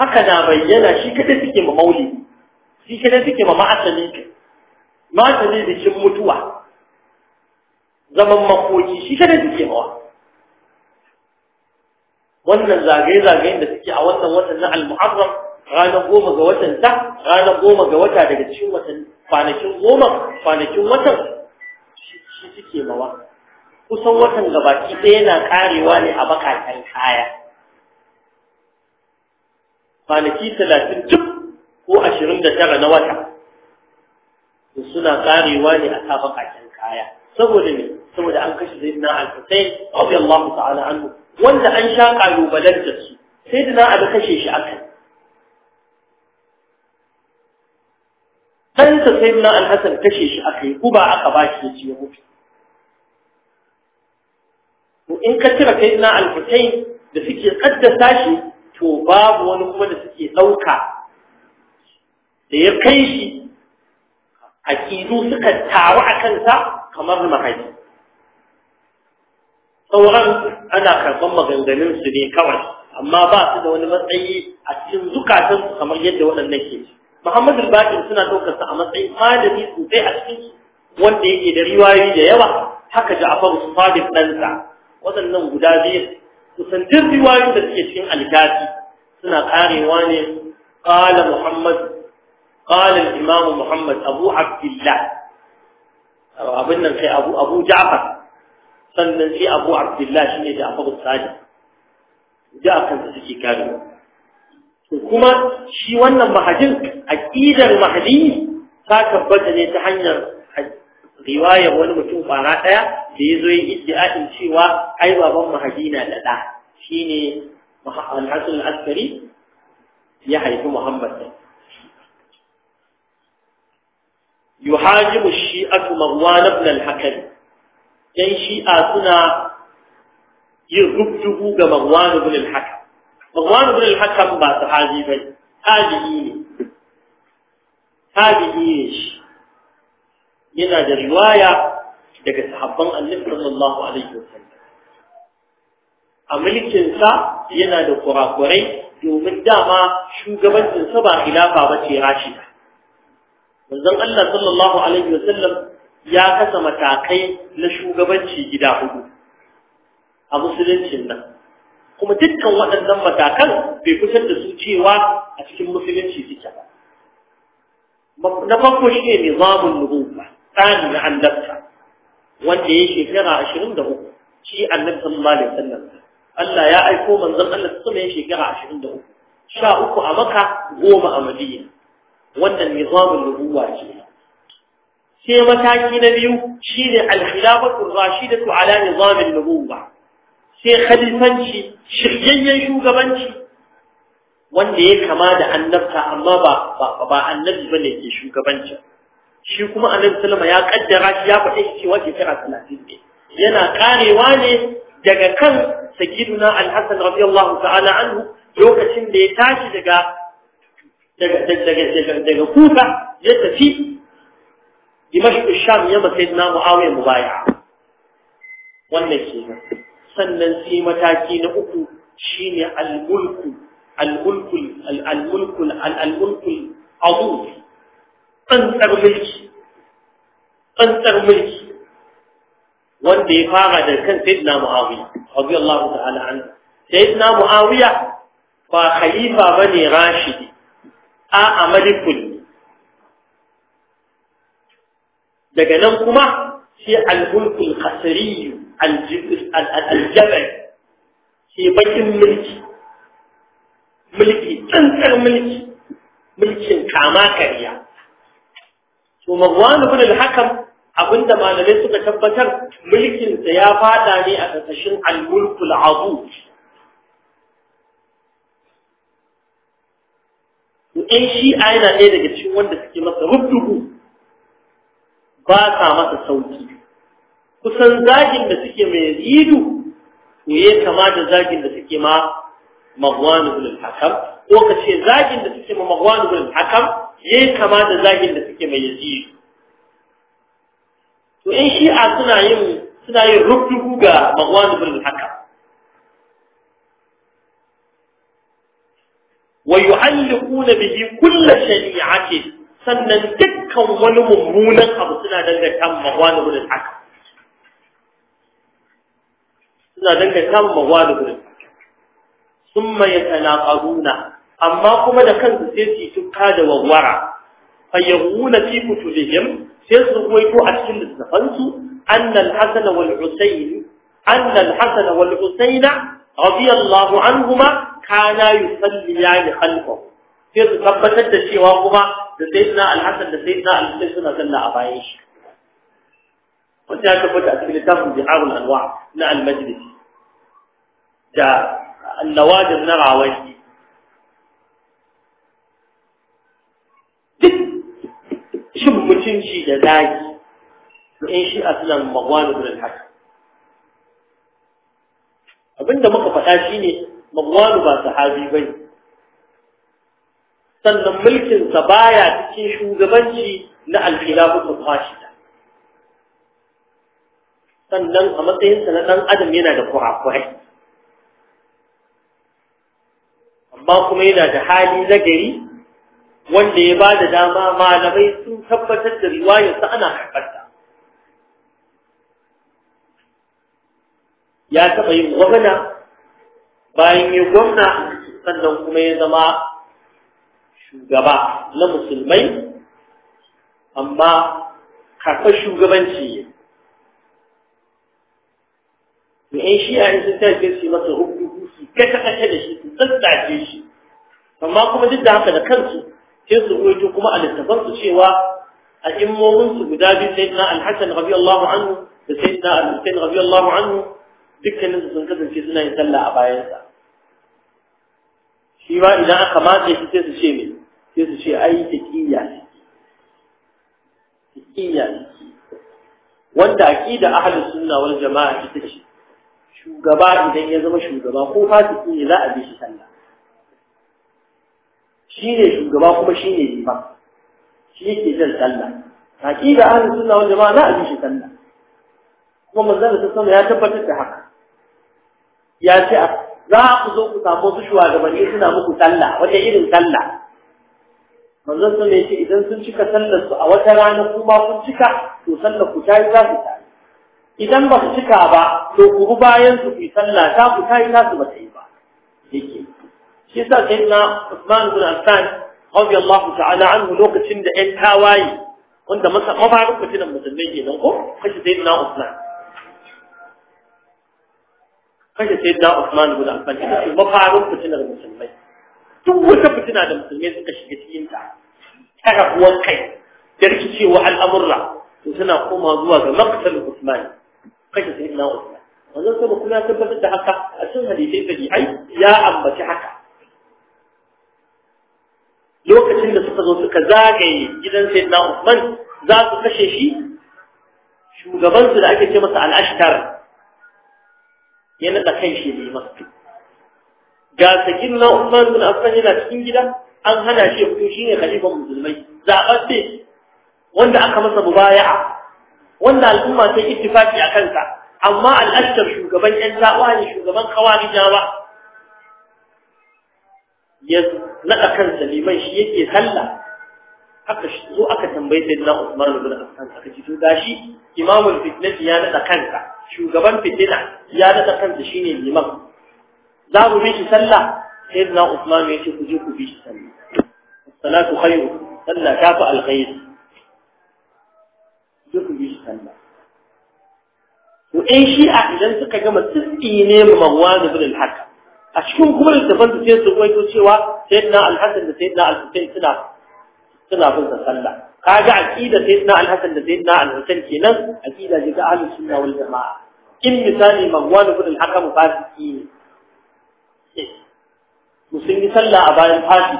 haka na bayyana shi kada suke ma shi kada suke ma ma'asali ma'asali bikin mutuwa zaman makoki shi kada suke mawa wannan zagaye-zagayen da suke a wannan watan na al-muharram ranar goma ga watan ta ranar goma ga wata daga cikin watan kwanakin goma kwanakin watan shi suke mawa kusan watan gabaki ɗaya yana karewa ne a bakakan kaya kwanaki talatin duk ko ashirin da tara na wata suna karewa ne a ta bakakan kaya saboda ne saboda an kashe sayyidina al-Husayn radiyallahu ta'ala anhu wanda an sha kalubalen da su sayyidina Ali kashe shi akai dan ta sayyidina al-Hasan kashe shi akai guba aka bashi ya ci ya mutu to in ka tira sayyidina al-Husayn da suke kaddasa shi to babu wani kuma da suke ɗauka da ya kai shi aqidu suka taru a kansa kamar mahaifi sauran ana karɓar maganganun su ne kawai amma ba su da wani matsayi a cikin zukatan kamar yadda waɗannan ke Muhammadu al suna ɗaukar sa a matsayin malami sosai a cikin wanda yake da riwayoyi da yawa haka Ja'far Sadiq ɗansa waɗannan guda biyu kusan duk riwayoyin da suke cikin alkafi suna karewa ne qala Muhammad qala al-Imam Muhammad Abu Abdullah abin nan sai Abu Abu Ja'far sannan sai abu abdullah shi ne da abu sadi da aka su suke kare kuma shi wannan mahajin ƙidar mahdi ta tabbata ne ta hanyar riwayar wani mutum kwana ɗaya da yazo yi iddia'in cewa ai baban mahdi na da da al-hasan al ya haifi muhammad yuhajimu shi'atu marwan ibn al-hakam yan shi'a suna yin rubdugu ga Marwan ibn al-Hakam Marwan ba al-Hakam ba haji bane tabi'i ne haji ne shi yana da riwaya daga sahabban Annabi sallallahu alaihi wasallam a mulkinsa yana da kurakurai domin dama shugabancinsa ba khilafa ba ce rashida manzon Allah sallallahu alaihi wasallam ya kasa matakai na shugabanci gida hudu a musuluncin nan kuma dukkan waɗannan matakan bai kusan da su cewa a cikin musulunci suke ba na farko shi ne nizamun nubuwa tsari na annabta wanda ya shekara ashirin da uku shi annabta sallallahu alaihi wasallam Allah ya aiko manzon Allah su ya shekara ashirin da uku sha uku a maka goma a madina wannan nizamun nubuwa ce sai mataki na biyu shine al-khilafatu rashidatu ala nizam an-nubuwa sai khalifanci shiryayyen shugabanci wanda ya kama da annabta amma ba ba annabi ke shugabanci shi kuma annabi sallama ya kaddara shi ya faɗi cewa shekara 30 ne yana karewa ne daga kan sayyiduna na Alhassan radiyallahu ta'ala anhu lokacin da ya tashi daga daga daga daga kuka ya tafi دمشق الشام يما سيدنا معاوية مبايعة والنسيمة سننسيمة تاكين أكو شين الملك الملك الملك الملك العظوم أنتر ملك أنتر ملك واندفاع كان سيدنا معاوية رضي الله تعالى عنه سيدنا معاوية فخليفة بني راشد أعمل آه، كله daga nan kuma sai al-mulkul qasri al-jabal shi bakin mulki mulki tsantsar mulki mulkin kama kariya to marwan ibn al-hakam abinda malamai suka tabbatar mulkin sa ya fada ne a kasashin al-mulkul azim in shi yana ɗaya daga cikin wanda suke masa rubdugu ba sa masa sauki kusan zagin da suke mai ridu to ya kama da zagin da suke ma magwanu bil hakam ko ka ce zagin da suke ma magwanu bil hakam ya kama da zagin da suke mai yazidu to in a suna yin suna yin rubdugu ga magwanu bil hakam ويعلقون به كل شريعته sannan dukkan wani mummunan abu suna danganta mawani gudun haka suna danganta mawani gudun sun mai talaƙaruna amma kuma da kansu sai su yi tukka da wawara fayyahuna fi kutubihim sai su ruwaito a cikin littafansu annal hasan wal husayn annal hasan wal husayna radiyallahu anhuma kana yusalliyani khalfahu sai su tabbatar da cewa kuma da sayyidina al-hasan da sayyidina al-husayn suna sallah a bayan shi Wata ya tabbata a cikin littafin biharul anwa na al-majlis da an na rawashi duk shin mutunci da zaki in shi a sunan bin al-hasan abinda muka faɗa shine magwanu ba su sahabi bane sannan mulkinsa baya cikin shugabanci na alkhilafatu rashida sannan a matsayin sa na ɗan adam yana da kurakurai amma kuma yana da hali na gari wanda ya ba da dama malamai sun tabbatar da riwayarsa ana ta. ya taɓa yin gwamna bayan ya gwamna sannan kuma ya zama shugaba na musulmai amma karɓar shugabanci ne yan shi'a in sun tafi su masa rubutu su kata kata da shi su tsatsace shi amma kuma duk da haka da kansu sai su ruwaito kuma a littafansu cewa a immominsu guda biyu sai na alhassan rabi Allahu anhu da sai na alhassan rabi Allahu anhu dukkaninsu sun kasance suna yin sallah a bayansa shi ma idan aka matse shi sai su ce sai su ce ai taƙiyya taƙiyya wanda da ahalin sunna wani jama'a ita ce shugaba idan ya zama shugaba ko fasiki ne za a bi shi sallah shi ne shugaba kuma shi ne liman shi yake jan sallah da ahalin sunna wani jama'a za a bi shi sallah kuma manzon da sama ya tabbatar da haka ya ce za ku zo ku samu su shugabanni suna muku sallah wata irin sallah manzon sa ne idan sun cika sallar su a wata rana kuma kun cika to sallar ku ta yi za ku ta idan ba su cika ba to ku bi bayan su ku sallah ta ku ta yi ta su ba ta yi ba yake shi yasa sayyidina Usman bin Affan radiyallahu ta'ala anhu lokacin da ɗan tawaye wanda masa mafarin fitinan musulmai nan ko kashi na Usman kashi sai na Usman guda amfani da su mafarin fitinar musulmai duk wata fitina da musulmai suka shiga cikin ta ta rabuwar kai da rikicewa al'amurra to suna koma zuwa ga maqtal Usman kashe sai na Usman wannan kuma kuma ya tabbatar da haka a cikin hadisi da ai ya ambaci haka lokacin da suka zo suka zagaye gidan sayyidina Usman za su kashe shi shugaban su da ake ce masa al ya naɗa kan shi ne masu ga sakin na Usman bin Affan yana cikin gida an hana shi fito shine khalifan musulmai zaɓaɓɓe wanda aka masa mubaya'a wanda al'umma ta ittifaki a kansa amma al'ashtar shugaban yan zawa ne shugaban kawarijawa ya naɗa kansa liman shi yake sallah aka zo aka tambayi sai na Usman ibn Affan aka ji to gashi imamul fitnati ya naɗa kansa. shugaban fitina ya naɗa kansa shine liman za mu miki sallah sayyidina Usman ya ce ku je ku bi shi sallah salatu khairu sallah ta fi alkhair je ku bi sallah to in shi'a idan suka gama tsitsi ne mu mawani bin a cikin kuma littafin su sai su kwaito cewa sayyidina al-hasan da sayyidina al-husayn suna suna bin sallah kaga aqida da kenan aƙida ji ga ahlus jamaa in misali mawani bin al ne sun yi sallah a bayan fati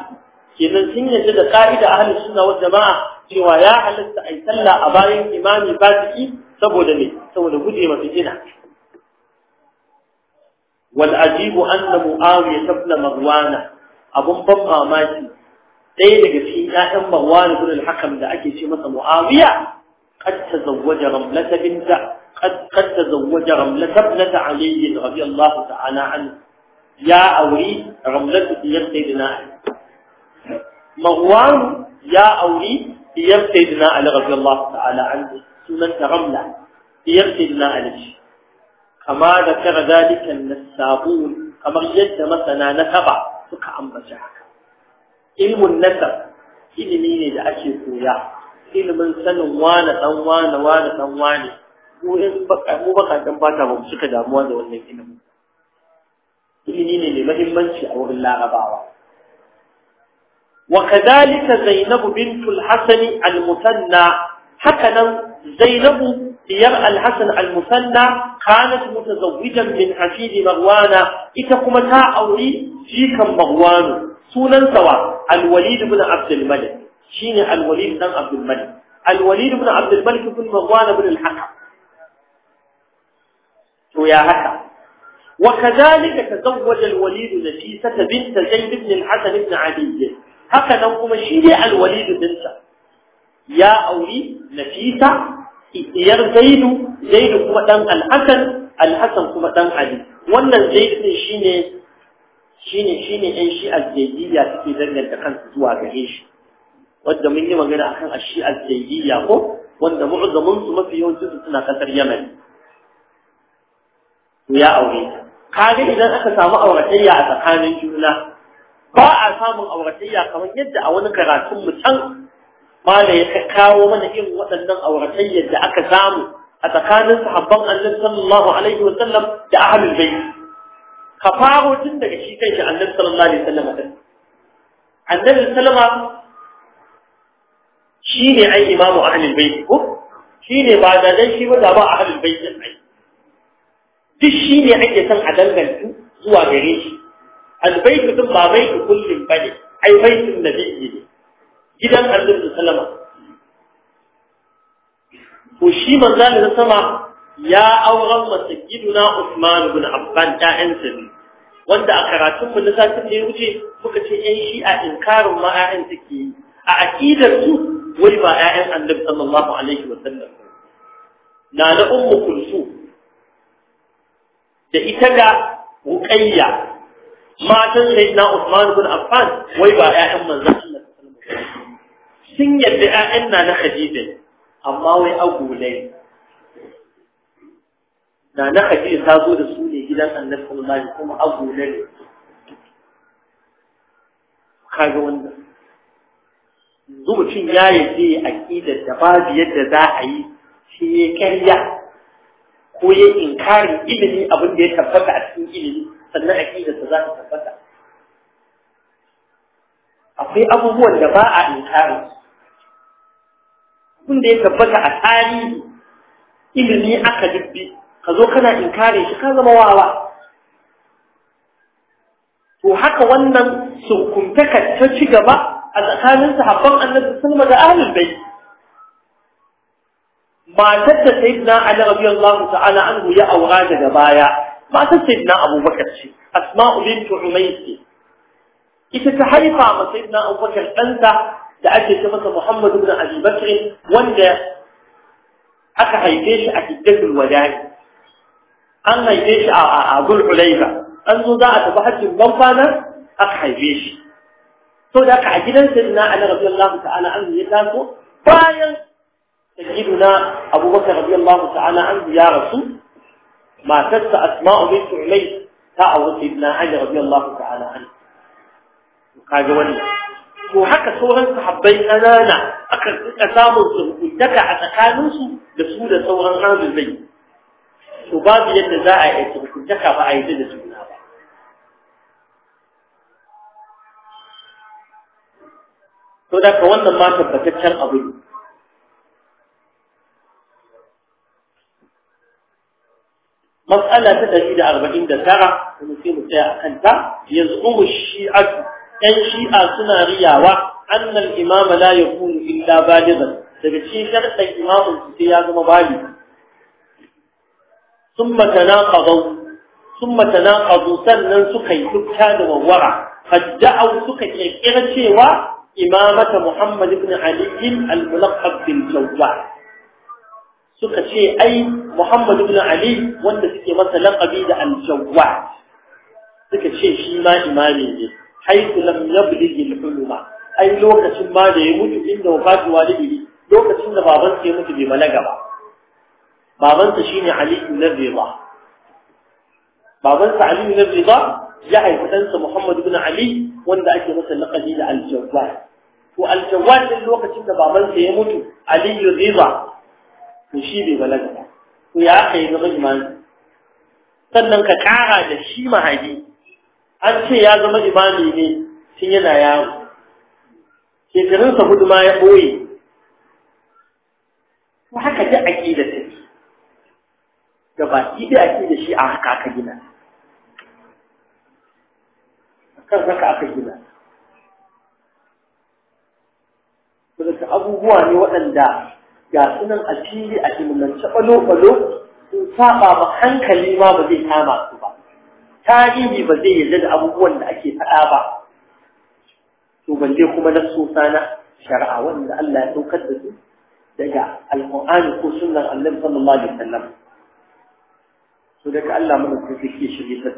kenan sun yadda da ka'ida ahli sunna wal jama'a cewa ya halatta ai sallah a bayan imami fasiki saboda ne saboda guje ma fitina wal ajibu anna muawiya ibn marwana abun ban mamaki ɗaya daga cikin ƴaƴan marwana ibn al-hakam da ake ce masa muawiya qad tazawwaja ramlata binta qad qad tazawwaja ramlata ibnata ali radiyallahu ta'ala anhu يا اوري غمزه تيب سيدنا مغوان يا اوري تيب سيدنا علي رضي الله تعالى عنه سنن غمله تيب سيدنا علي كما ذكر ذلك النسابون كما جد مثلا نسبا سكا امبشا علم النسب ilimi ne da ake koya ilimin sanin wane dan wane wane dan wane ko in baka mu baka dan bata ba suka damuwa da wannan ilimin ilimi mahimmanci a wurin larabawa wakadalika zainabu bintul hasani almusanna haka nan zainabu diyar alhassan almusanna kanat mutazawwijan min ita kuma ta auri shikan marwanu sunansa wa alwalid ibn abdulmalik shine alwalid dan abdulmalik alwalid ibn abdulmalik ibn marwana ibn alhakam to ya haka وكذلك تزوج الوليد نفيسة بنت زيد بن الحسن بن علي هكذا هم شيء الوليد بنت يا أولي نفيسة إيار زيد زيد كما دان الحسن الحسن كما دان علي وأن زيد بن شيني شيني شيني أن شيء الزيدية في ذلك الأخن تزوى كهيش wadda mun yi magana akan ashi al-zaydiyya ko wanda mu'azzamun su mafi yawanci suna kasar Yemen ya aure ta kaga idan aka samu auratayya a tsakanin juna ba a samun auratayya kamar yadda a wani karatun mu can mala ya kawo mana irin waɗannan auratayyar da aka samu a tsakanin sahabban annabi sallallahu alaihi wa sallam da ahlul bait ka faro tun daga shi kanshi annabi sallallahu alaihi wa sallam annabi sallama shine ai imamu ahlul bait ko shine ba da dai shi ba da ba ahlul bait duk shi ne ake son a dangantu zuwa gare shi albaitu din ba baitu kullum ba ne ai baitun da zai ne gidan annabi sallama to shi manzo da sama ya auren masakiduna Usman ibn Affan ta'ansa ne wanda a karatun mu na satin da ya wuce muka ce ƴan shi'a inkarin ma ƴaƴan suke yi a aqidar su wai ba ƴaƴan annabi sallallahu alaihi wa sallam na na ummu kulsu da ita ga ruqayya matan na Usman bin Affan wai ba ƴaƴan manzon Allah sun yadda ƴaƴan na na Khadija amma wai agulai na na Khadija ta zo da su ne gidan Annabi sallallahu alaihi wasallam agulai kaga wannan zubucin mutum ya yaje aqidar da babu yadda za a yi shi ne karya ko ya inkarin ilimi abin da ya tabbata a cikin ilimi sannan ta za ta tabbata akwai abubuwan da ba a inkari abin da ya tabbata a tarihi ilimi aka dubbi ka zo kana inkarin shi ka zama wawa to haka wannan surkuntaka ta ci gaba a tsakanin sahabban annabi sun da ahlul matar da sayyidina Ali radiyallahu ta'ala anhu ya aura daga baya matar sayyidina Abubakar ce Asma'u bint Umaysi ita ta haifa ma sayyidina Abubakar ɗanta da ake ce masa Muhammad ibn Abi Bakr wanda aka haife shi a Hijjatul Wada'i an haife shi a Abul Hulayfa an zo za a tafi hajjin banfana aka haife shi so da aka a gidan sayyidina Ali radiyallahu ta'ala anhu ya taso bayan سيدنا أبو بكر رضي الله تعالى عنه يا رسول ما تدس أسماء بنت علي تأو سيدنا علي رضي الله تعالى عنه قال ولي ko haka sauran sahabbai ƙanana aka rika samun surkuntaka a tsakaninsu da su da sauran azuzai to babu yadda za a yi surkuntaka ba a yi da suna ba to daga wannan ma tabbataccen abu ne Matsala ta ɗari da 149 kuma sai mu tsaya a kanta, yanzu kuma shi'a shi'a suna riyawa annal imama la yakunu illa balighan daga ci sharɗan imamun su sai ya zama bali summa tanaqadu summa tanaqadu sannan suka yi dukka da wawara fajja'u suka kirkira cewa imamata muhammad ibn ali al-mulaqab bil jawwa suka ce ai Muhammadu ibn Ali wanda suke masa laqabi da al-Jawwad suka ce shi ma imami ne haitu lam yablighi al-huluma ai lokacin ma da ya mutu inda wafatu walidihi lokacin da babansa ya mutu bai balaga ba babansa shine Ali ibn Ridha babansa Ali ibn Ridha ya haifi ɗansa Muhammadu ibn Ali wanda ake masa laqabi da al-Jawwad to al-Jawwad din lokacin da babansa ya mutu Ali ibn Ridha shi bai balaga ba to ya aka yi zama imami sannan ka kara da shi mahadi an ce ya zama imani ne tun yana yaro shekarunsa hudu ma ya ɓoye ko haka ji aƙida ta ce da baki da aƙida shi a haka aka gina kan haka aka gina saboda abubuwa ne waɗanda ga sunan a fili a jimlance balo-balo sun saba ba hankali ma ba zai kama su ba tarihi ba zai yarda da abubuwan da ake faɗa ba to ban dai kuma na sosa na shari'a wanda Allah ya saukar da su daga alƙur'ani ko sunan Allah sallallahu alaihi wasallam to daga Allah mu da take shirye ta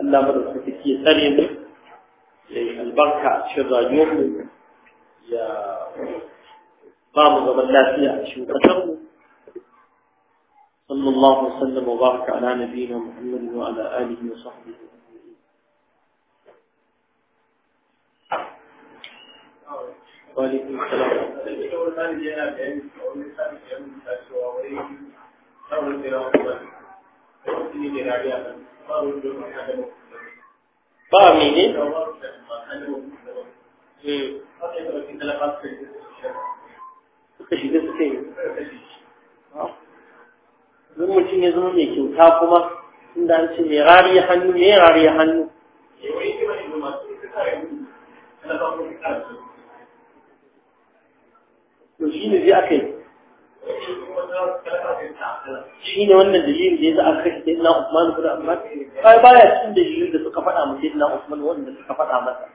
Allah mu da take tsare mu ya albarka shi rayuwar mu ya بعض الغملات فيها شوف صلى الله وسلم وبارك على نبينا محمد وعلى آله وصحبه وعليكم السلام. suka shiga suka yi don mutum ya zama mai kyauta kuma inda an ce mai rariya hannu rariya hannu to shi ne zai aka yi shi ne wannan dalilin da ya za a kashe da ina Usman kuma amma kai baya cikin dalilin da suka faɗa masa ina na Usman wanda suka faɗa masa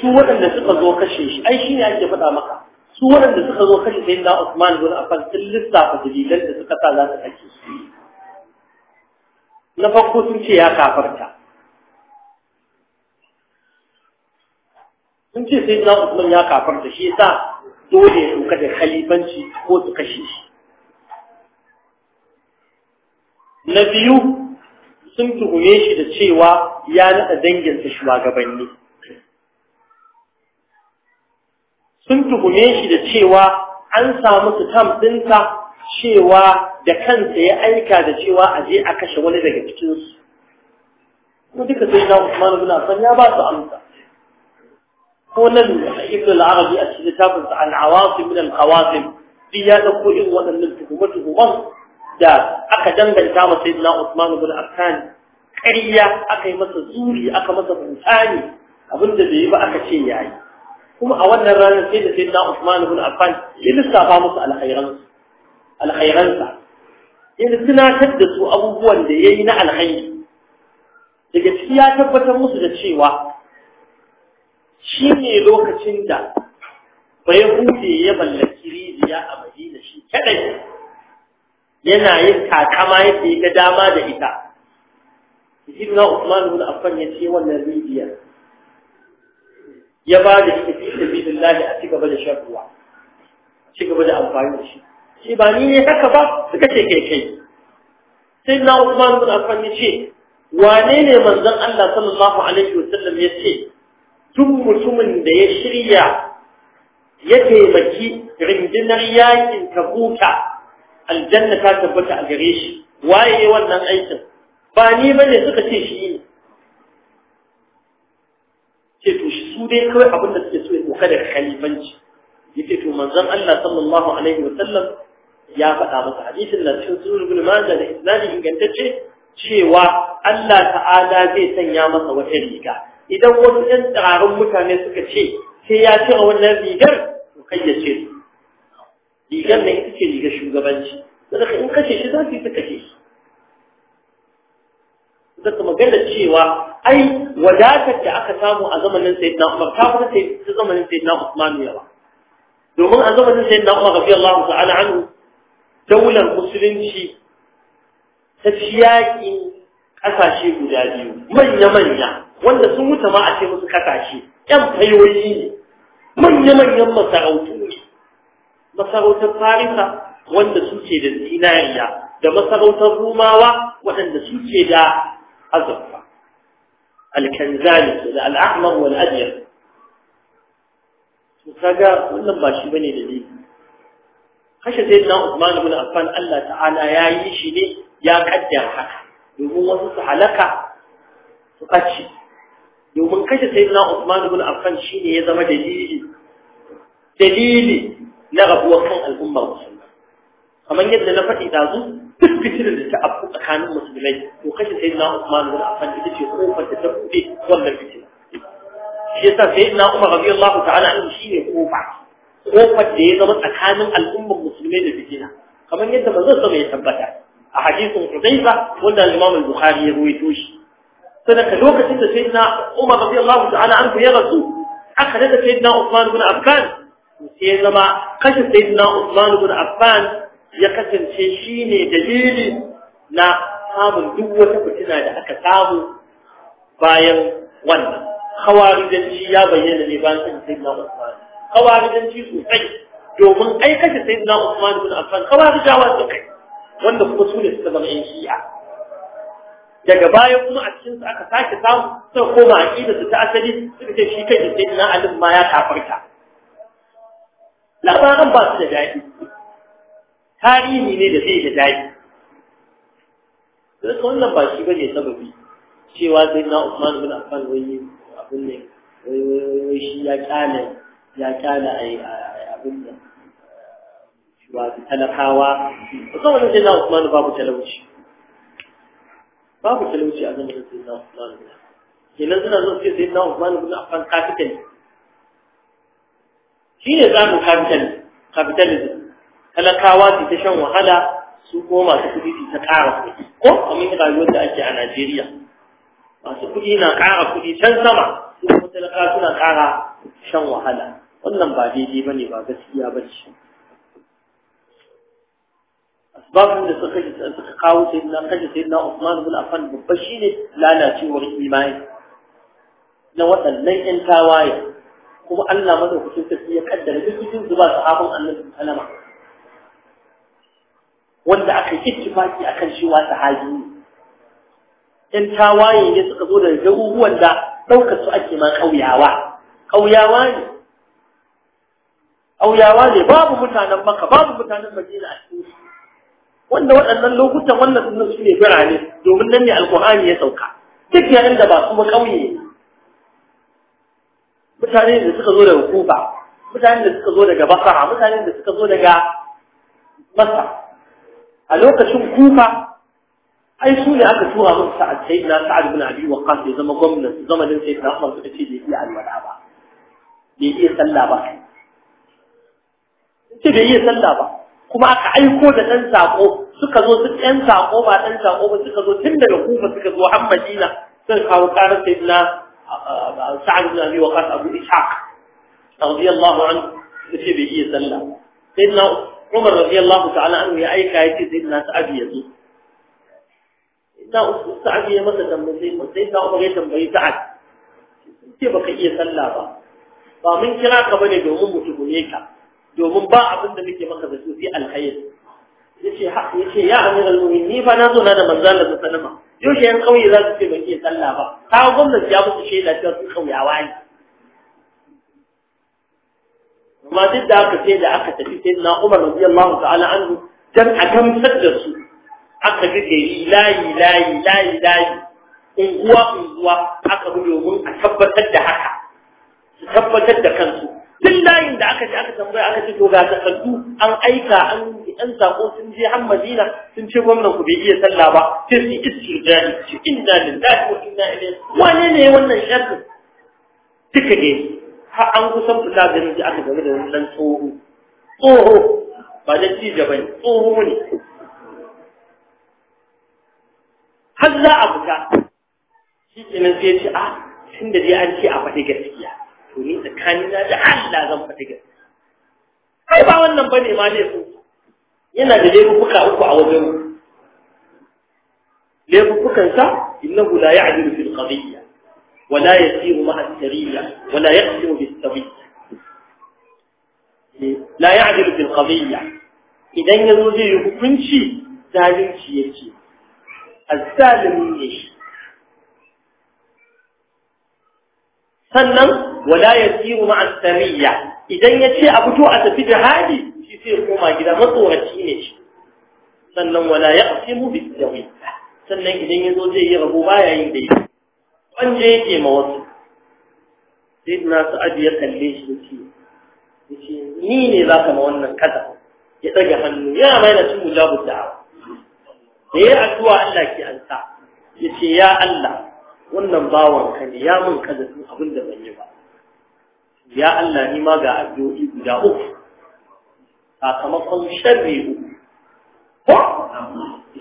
su waɗanda suka zo kashe shi ai shi ne ake faɗa maka su waɗanda suka zo kan sai na Usman bin Affan sun lissafa dalilan da suka sa za su su na farko sun ce ya kafarta sun ce sai na Usman ya kafarta shi yasa dole ya dauka da khalifanci ko su kashe shi na biyu sun tuhume shi da cewa ya dangin sa shugabanni sun tuhume shi da cewa an samu sitam ɗinsa cewa da kansa ya aika da cewa a je a kashe wani daga cikinsu ko duka sai na Usman ibn Affan ya ba su amsa ko nan Ibn al-Arabi a cikin littafin sa al-Awasim min al-Qawasim din ya dauko irin waɗannan tuhumar da aka danganta ma na Usman ibn Affan ƙarya aka yi masa zuri aka masa buntani abinda bai yi ba aka ce yayi kuma a wannan ranar sai da sayyidina Usman ibn Affan ya lissafa musu alkhairan alkhairan sa ya tunatar da su abubuwan da yayi na alkhairi daga ciki ya tabbatar musu da cewa shine lokacin da bai hude ya mallaki rijiya a Madina shi kadai yana yin kakama yake ga dama da ita Sayyidina Usman ibn Affan ya ce wannan rijiyar. ya ba da shi fi lahi a ci gaba da shan ruwa ci gaba da amfani da shi shi ba ni ne haka ba suka ce kai kai sai na Usman bin Affan ya ce wane ne manzon Allah sallallahu alaihi wasallam ya ce duk mutumin da ya shirya ya taimaki rindinar yakin ka huta? aljanna ta tabbata a gare shi waye wannan aikin ba ni bane suka ce shi ne. su dai kawai abin da suke so ya koka daga khalifanci yace to manzon Allah sallallahu alaihi wa sallam ya faɗa masa hadisin da cikin sunan ibn majah da isnadi ingantacce cewa Allah ta'ala zai sanya masa wata riga idan wasu ɗan tsararrun mutane suka ce sai ya cire wannan rigar to kai ya ce rigar ne ita ce rigar shugabanci saboda in kashe shi za su yi ta kashe shi suka magana cewa ai wadatar da aka samu a zamanin sayyidina Umar ta fara sai ta zamanin sayyidina Usman ba? domin a zamanin sayyidina Umar rabbi radiyallahu ta'ala anhu daular musulunci ta yaƙi ƙasashe guda biyu manya manya wanda sun wuce ma a ce musu ƙasashe 'yan fayoyi ne manya manyan masarautu ne masarautar Farisa wanda suke da zinariya da masarautar Rumawa waɗanda suke da azurfa alkanzani da al'ahmar wal ajiyar to kaga wannan ba shi bane dalili kashe sai na Usman ibn Affan Allah ta'ala ya yi shi ne ya kaddara haka domin wasu su halaka su kace domin kashe sai na Usman ibn Affan shine ya zama dalili dalili na rabuwar kan al'ummar musulmi kamar yadda na faɗi dazu duk fitilar da ta afku tsakanin musulmai to kashe sayyidina Usman bin Affan ita ce kofar da ta bude wannan fitina shi yasa na Umar radiyallahu ta'ala shi ne kofa kofar da ya zama tsakanin al'ummar musulmai da fitina kamar yadda ba zan sama ya tabbata a hadisin Hudayfa wanda Imam al-Bukhari ya rawaito shi sanaka lokacin da sayyidina Umar radiyallahu ta'ala anhu ya rasu aka daga sayyidina Usman bin Affan sai zama kashe sayyidina Usman bin Affan ya kasance shi ne dalilin na samun duk wata fitina da aka samu bayan wannan hawarijanci ya bayyana ne bayan sai sai na Usman hawarijanci sosai domin ai kace sai na Usman bin Affan hawarijawa su kai wanda kuma su ne suka zama yan shi'a daga baya kuma a cikin su aka sake samu suka koma aqida su ta asali suka ce shi kai sai na Ali ma ya kafarta labaran ba su da dadi tarihi ne da zai da dadi. sai wannan ba shi bane sababi cewa sai na Usman bin Affan wai abin ne wai shi ya kana ya kyale ai abin ne shi ba talakawa wannan sai na Usman babu talauci babu talauci a zamanin sai na Usman kenan suna zo sai sai na Usman bin Affan kafitan shi ne zamu kafitan capitalism talakawa su ta shan wahala su ko masu kuɗi su ta ƙara kuɗi ko kamar rayuwar da ake a Najeriya masu kuɗi na ƙara kuɗi can sama su kuma talaka suna ƙara shan wahala wannan ba daidai ne, ba gaskiya ba ce asbabun da suka suka kawo sai na kaje sai na Usman bin Affan babba shine lalacewar imani na waɗannan ƴan tawaye kuma Allah madaukakin sarki ya kaddara duk cikin su ba sahabban Annabi sallama wanda aka yi ittifaki akan shi wa sahabi ne in tawaye ne suka zo da garuruwan da ɗaukar su ake ma ƙauyawa ƙauyawa ne ƙauyawa ne babu mutanen maka babu mutanen madina a cikin su wanda waɗannan lokutan wannan sunan su ne birane domin nan ne alƙur'ani ya sauka duk yayin da ba kuma ƙauye mutane da suka zo daga kufa mutane da suka zo daga basara mutane da suka zo daga masa. a lokacin kufa ai su ne aka tura musu sa'ad sai na sa'ad bin abi waqas ya zama gwamnan zama zamanin sai na Umar suka ce bai iya alwala ba bai iya sallah ba ce bai iya sallah ba kuma aka aiko da dan sako suka zo su dan sako ba dan sako ba suka zo tun daga Kufa suka zo har Madina sun kawo karar sai na sa'ad bin abi waqas Abu Ishaq radiyallahu anhu ce bai iya sallah sai na Umar radiyallahu ta'ala an ya aika ya ce sai na Sa'ad ya zo ina uku Sa'ad ya masa tambaye sai ta Umar ya tambayi Sa'ad ce baka iya sallah ba ba mun kira ka bane domin mu tuhume ka domin ba abin da muke maka zato sai alkhair yace yace ya amir almu'min ni fa na zo na da manzon Allah sallama yau shi yan kauye za su ce baki iya sallah ba ta gwamnati ya musu shaida cewa su kauyawa ne amma duk da aka sai da aka tafi sai na Umar radiyallahu ta'ala anhu dan a gamsar da su aka ji gari layi layi layi layi unguwa unguwa aka bi domin a tabbatar da haka su tabbatar da kansu duk layin da aka ce aka tambaya aka ce to ga takardu an aika an an sako sun je har Madina sun ce gwamnan ku bai iya sallah ba sai su istijari su inna lillahi wa inna ilaihi wane ne wannan sharri duka ne har an kusan fita ganin ji aka gari da wani dan tsoho tsoho ba da ci gaba ne tsoho ne har za a fita shi nan sai ce a ah, tun da dai an ce a faɗi gaskiya to ni tsakanin na da Allah zan faɗi gaskiya ai ba wannan bane ma laifin yana da laifuka uku a wajen laifukansa innahu la ya'dilu fil qadiyya wa la yasiru ma'a sariya ولا يقدم بالسويه لا يعدل في القضيه اذا يجوز يكون شيء سالم شيء السالم ايش سلم ولا يسير مع السريه اذا يجي ابو تو اتفيد هذه شيء يقوم على كده شيء ايش سلم ولا يقسم بالسويه سلم اذا يجوز يغبو بايعين دي وان جاي يجي sai na sa'ad ya kalle shi Ya ce ni ne za ka ma wannan kaza ya daga hannu ya mai na cin mujabu da'a da ya addu'a Allah ke ansa yace ya Allah wannan bawan ka ne ya mun kaza tun abin da ban yi ba ya Allah ni ma ga addu'o'i guda uku sakamakon sharri uku ko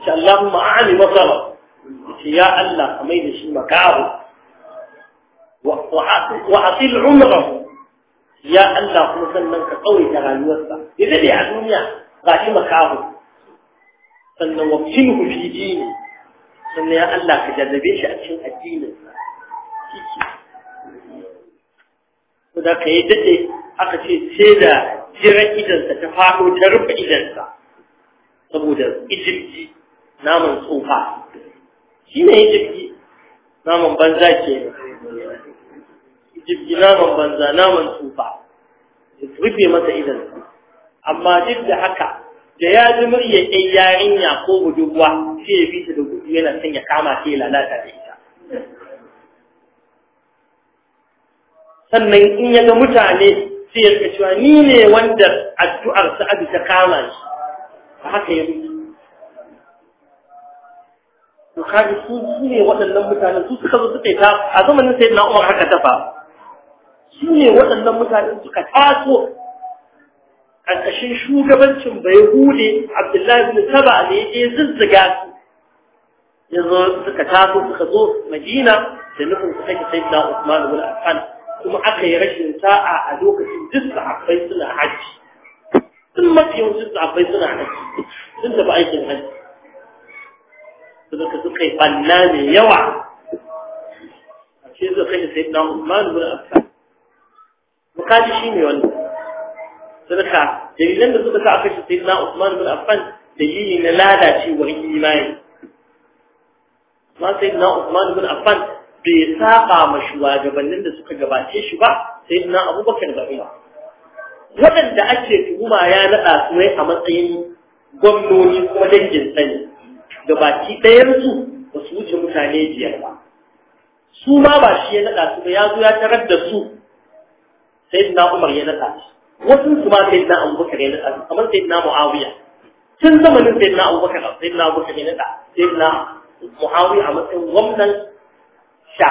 ce Allah ma'ani masala yace ya Allah mai da shi makaho وحصيل عمره يا الله كل منك قوي تغالوسا إذا لي عدنيا غاشم كابو سنة وقتنه في ديني سنة يا الله كجذبيش أتشن الدين وذا كيدته أكثر سيدا جرى إذن ستفاق وترب إذن سا سبودا إجبت نام صوفا هنا إجبت نام بنزاكي jirgi naman banza naman tsufa ya rufe masa idan amma duk da haka da ya ji murya ɗan yarinya ko budurwa sai ya bi da gudu yana son ya kama ta ya lalata da ita sannan in ya ga mutane sai ya rika cewa ni ne wanda addu'ar sa'adu ta kama shi a haka ya rufe to kaji su ne waɗannan mutanen su suka zo suka yi ta a zamanin sai na Umar haka ta faru su ne waɗannan mutanen suka taso ƙarƙashin shugabancin bai hude abdullahi bin saba ne ya zuzzuga su ya zo suka taso suka zo madina da nufin su take sai da usman bin affan kuma aka yi rashin sa'a a lokacin duk akwai suna hajji sun mafi yawancin akwai suna hajji sun tafi aikin hajji suka suka yi ɓanna mai yawa a ce zai kai da sai da usman bin affan kaji shi ne wannan sadaka dalilan da suka sa aka shi sayyidina Usman bin Affan dalili na lalacewar imani ma sayyidina Usman bin Affan bai saba ma shugabannin da suka gabace shi ba sayyidina Abubakar da Umar waɗanda ake tuhuma ya naɗa su ne a matsayin gwamnoni ko dangin sani gabaki ɗayansu ba su wuce mutane biyar ba su ma ba shi ya naɗa su ba ya zo ya tarar da su Sai na Umar ya nada wasu su ma sai na Abubakar ya nada kamar sayyidina Muawiya tun zamanin na Abubakar sai na Abubakar ya sai na Muawiya a matsayin gwamnan sha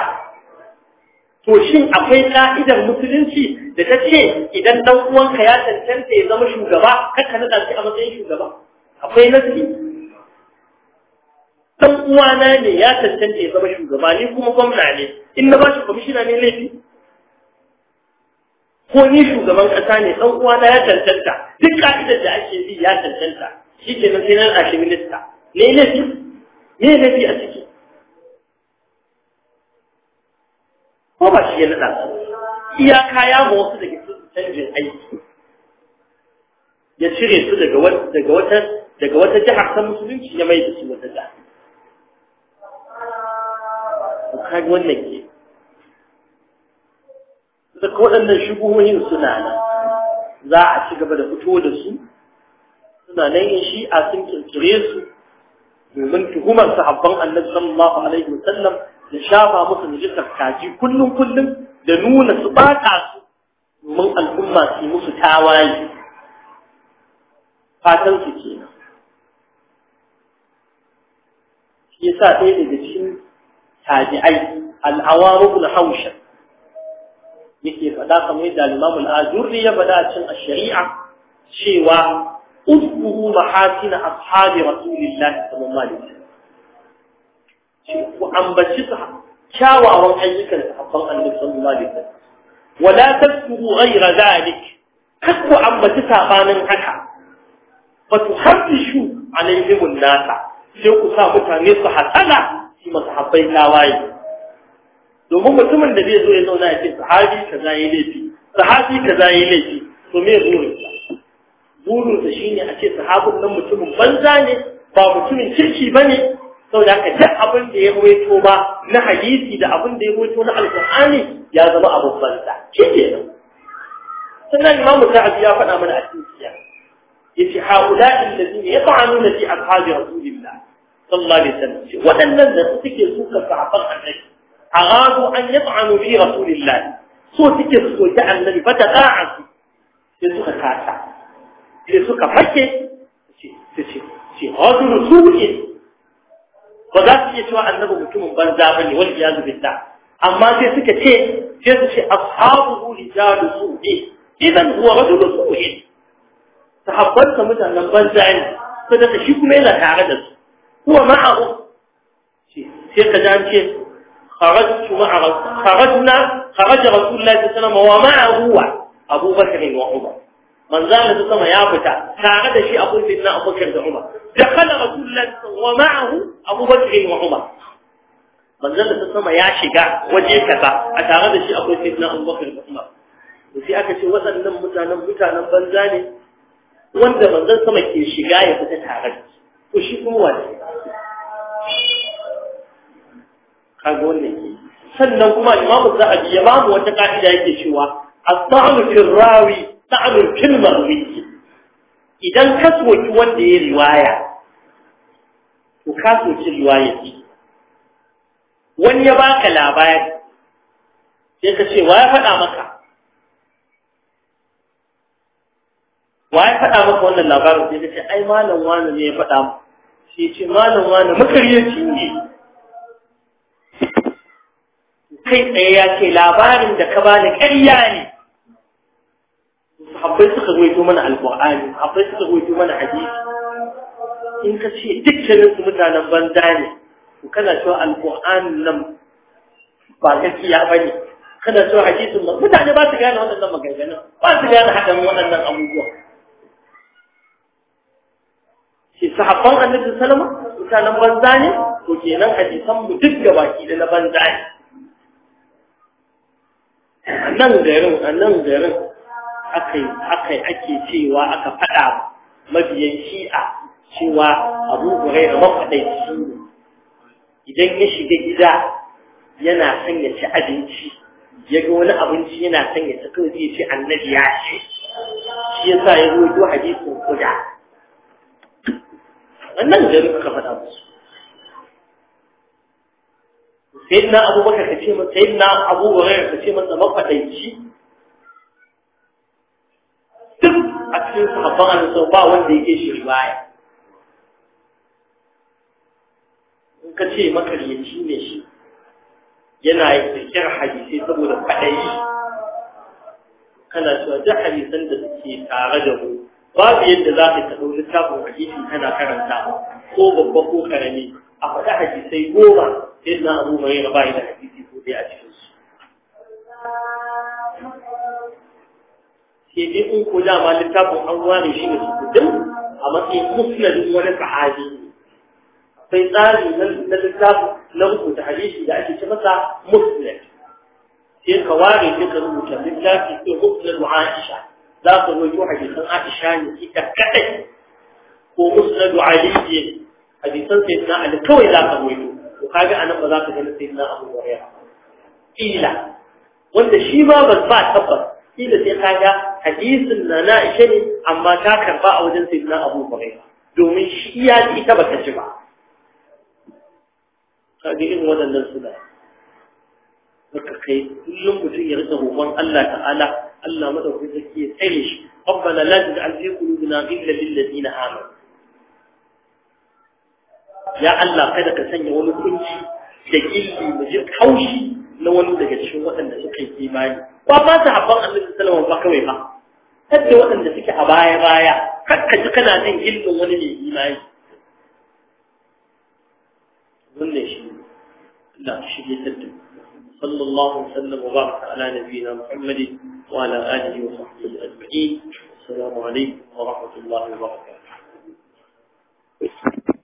to shin akwai ka'idar musulunci da ta ce idan dan uwanka ya tantance ya zama shugaba kakka nada shi a matsayin shugaba akwai nasi dan uwana ne ya tantance ya zama shugaba ni kuma gwamna ne in na bashi kwamishina ne laifi ko ni shugaban ƙasa ne ɗan uwana ya tantanta duk ka'idar da ake bi ya tantanta shi ke nan sai nan a shi minista ne laifi ne laifi a ciki ko ba shi ya naɗa iya kaya ya ma wasu daga su canjin aiki ya cire su daga wata daga wata jiha ta musulunci ya mai da su wata jihar kai wannan duk waɗannan shugohin suna nan za a ci gaba da fito da su suna nan in a sun kirkire su domin tuhumar sahabban annabi sallallahu alaihi sallam da shafa musu nijisar kaji kullum kullum da nuna su bata su domin al'umma su musu tawaye fatan su kenan shi yasa ɗaya daga cikin tabi'ai al'awaru na hausha faɗa kamar yadda al-Imam al-Ajurri ya faɗa a shari'a cewa udbuhu mahasin ashabi rasulillahi sallallahu alaihi wasallam ku ambaci kyawawan ayyukan sahabban annabi sallallahu alaihi wasallam wala tadkuru ghayra dhalik kar ku ambaci sabanin haka fa tuhaddishu alaihim an-nasa sai ku sa mutane su hasala su masahabbai lawaye domin mutumin da zai zo ya zauna ya ce sahabi kaza yi laifi sahabi kaza yi laifi to me burin sa burin sa shine a ce sahabin nan mutumin banza ne ba mutumin kirki bane saboda haka duk abin da ya wato ba na hadisi da abin da ya wato na alqur'ani ya zama abin banza shikenan sannan imamu sa'ad ya faɗa mana a cikin siyasa yace haula'in ladina yata'anuna fi ashabi rasulillah sallallahu alaihi wasallam waɗannan da suke suka sahabban annabi أرادوا أن يطعنوا في رسول الله سوى تكر سوى جعل النبي فتقاعد يسوك كاسا يسوك فكي في رجل سوء وذلك يسوى أنه مكتوم بنزابني والعياذ بالله أما تسوك تي تسوك أصحابه رجال سوء إذن هو رجل سوء تحببت مثلا بنزعني فدك شكو ميلا تعرضت هو معه sai ka ji an ce خرجت مع خرجنا خرج رسول الله صلى الله عليه وسلم ومعه أبو بكر وعمر من زال تسمى يا فتى تعرض شيء أقول سيدنا أبو بكر وعمر دخل رسول الله ومعه أبو بكر وعمر من زال تسمى يا شجاع وجهك أتعرض شيء أقول سيدنا أبو بكر وعمر وفي أكثر وسن متانا متانا بنزاني wanda manzon sama ke shiga ya fita tare to shi kuma wani kaga wannan ke sannan kuma imamu a ya babu wata ka'ida yake cewa at-ta'nu fil rawi ta'nu fil marwi idan ka soki wanda ya riwaya to ka soki riwaya ce wani ya baka labari sai ka ce wa ya faɗa maka wa ya faɗa maka wannan labarin sai ka ce ai malam wani ne ya faɗa mu sai ce malam wani makaryaci ne kai tsaye ya ce labarin da ka bani ƙarya ne habbai suka gwaito mana alƙur'ani habbai suka gwaito mana hadisi in ka ce dukkanin su mutanen banza ne to kana so alƙur'ani nan ba gaskiya ba ne kana so hadisin nan mutane ba su gane waɗannan maganganun ba su gane haɗin waɗannan abubuwa shi sahabban annabi sallama mutanen banza ne to kenan hadisan mu duk gabaki da na banza ne a nan garin a nan garin yi ake cewa aka faɗa mabiyan shi'a cewa abu hurai da mafaɗaici ne idan ya shiga gida yana son ya ci abinci ya ga wani abinci yana son ya ci kawai zai ci annabi ya ce shi ya sa ya zo hadisin kuda wannan garin aka faɗa musu Sai sayyidina abubakar ka ce masa sayyidina abu hurairah ka ce masa mafadaici duk a cikin sahabban annabi ba wanda yake shi baya. in ka ce makaryaci ne shi yana kirkir hadisi saboda fadayi kana cewa duk hadisan da suke tare da mu babu yadda za ka taɓa tafi littafin hadisi kana karanta ko babba ko karami a faɗi hadisai goma سيدنا أبو مريم قائد حديثي في أبي أجلس سيدي أنكو لا ما لتاب أولي شيء سيدنا أما في مسنة دولة صحابي فيطان من لتاب نغفو تحديثي إذا أجلس مسا مسنة سيد كواري ذكر المتابلة في مسنة معائشة لا تقول حديثا عائشة نسيتا كأي ومسنة عليا حديثا سيدنا أنا كوي لا kaga anan ba za ka gani sai na abu wariya illa wanda shi ma ba ba tabbas illa sai kaga hadisin na na ishe ne amma ta karba a wajen sai na abu wariya domin shi ya ji ita ba ta ci ba kaga irin waɗannan suna baka kai kullum mutum ya rika roƙon Allah ta'ala Allah madaukakin sarki ya tsare shi ربنا لا تجعل في قلوبنا غلا للذين امنوا ya Allah kada ka sanya wani kunci da gilli mu ji kaushi na wani daga cikin waɗanda suka yi imani ba ba su haɓɓan annabi sallallahu ba kawai ba hadda waɗanda suke a baya baya ka ji kana jin gillin wani mai imani wannan shi Allah shi ne tattu صلى ala وسلم وبارك على نبينا محمد wa اله وصحبه اجمعين السلام wa rahmatullahi wa وبركاته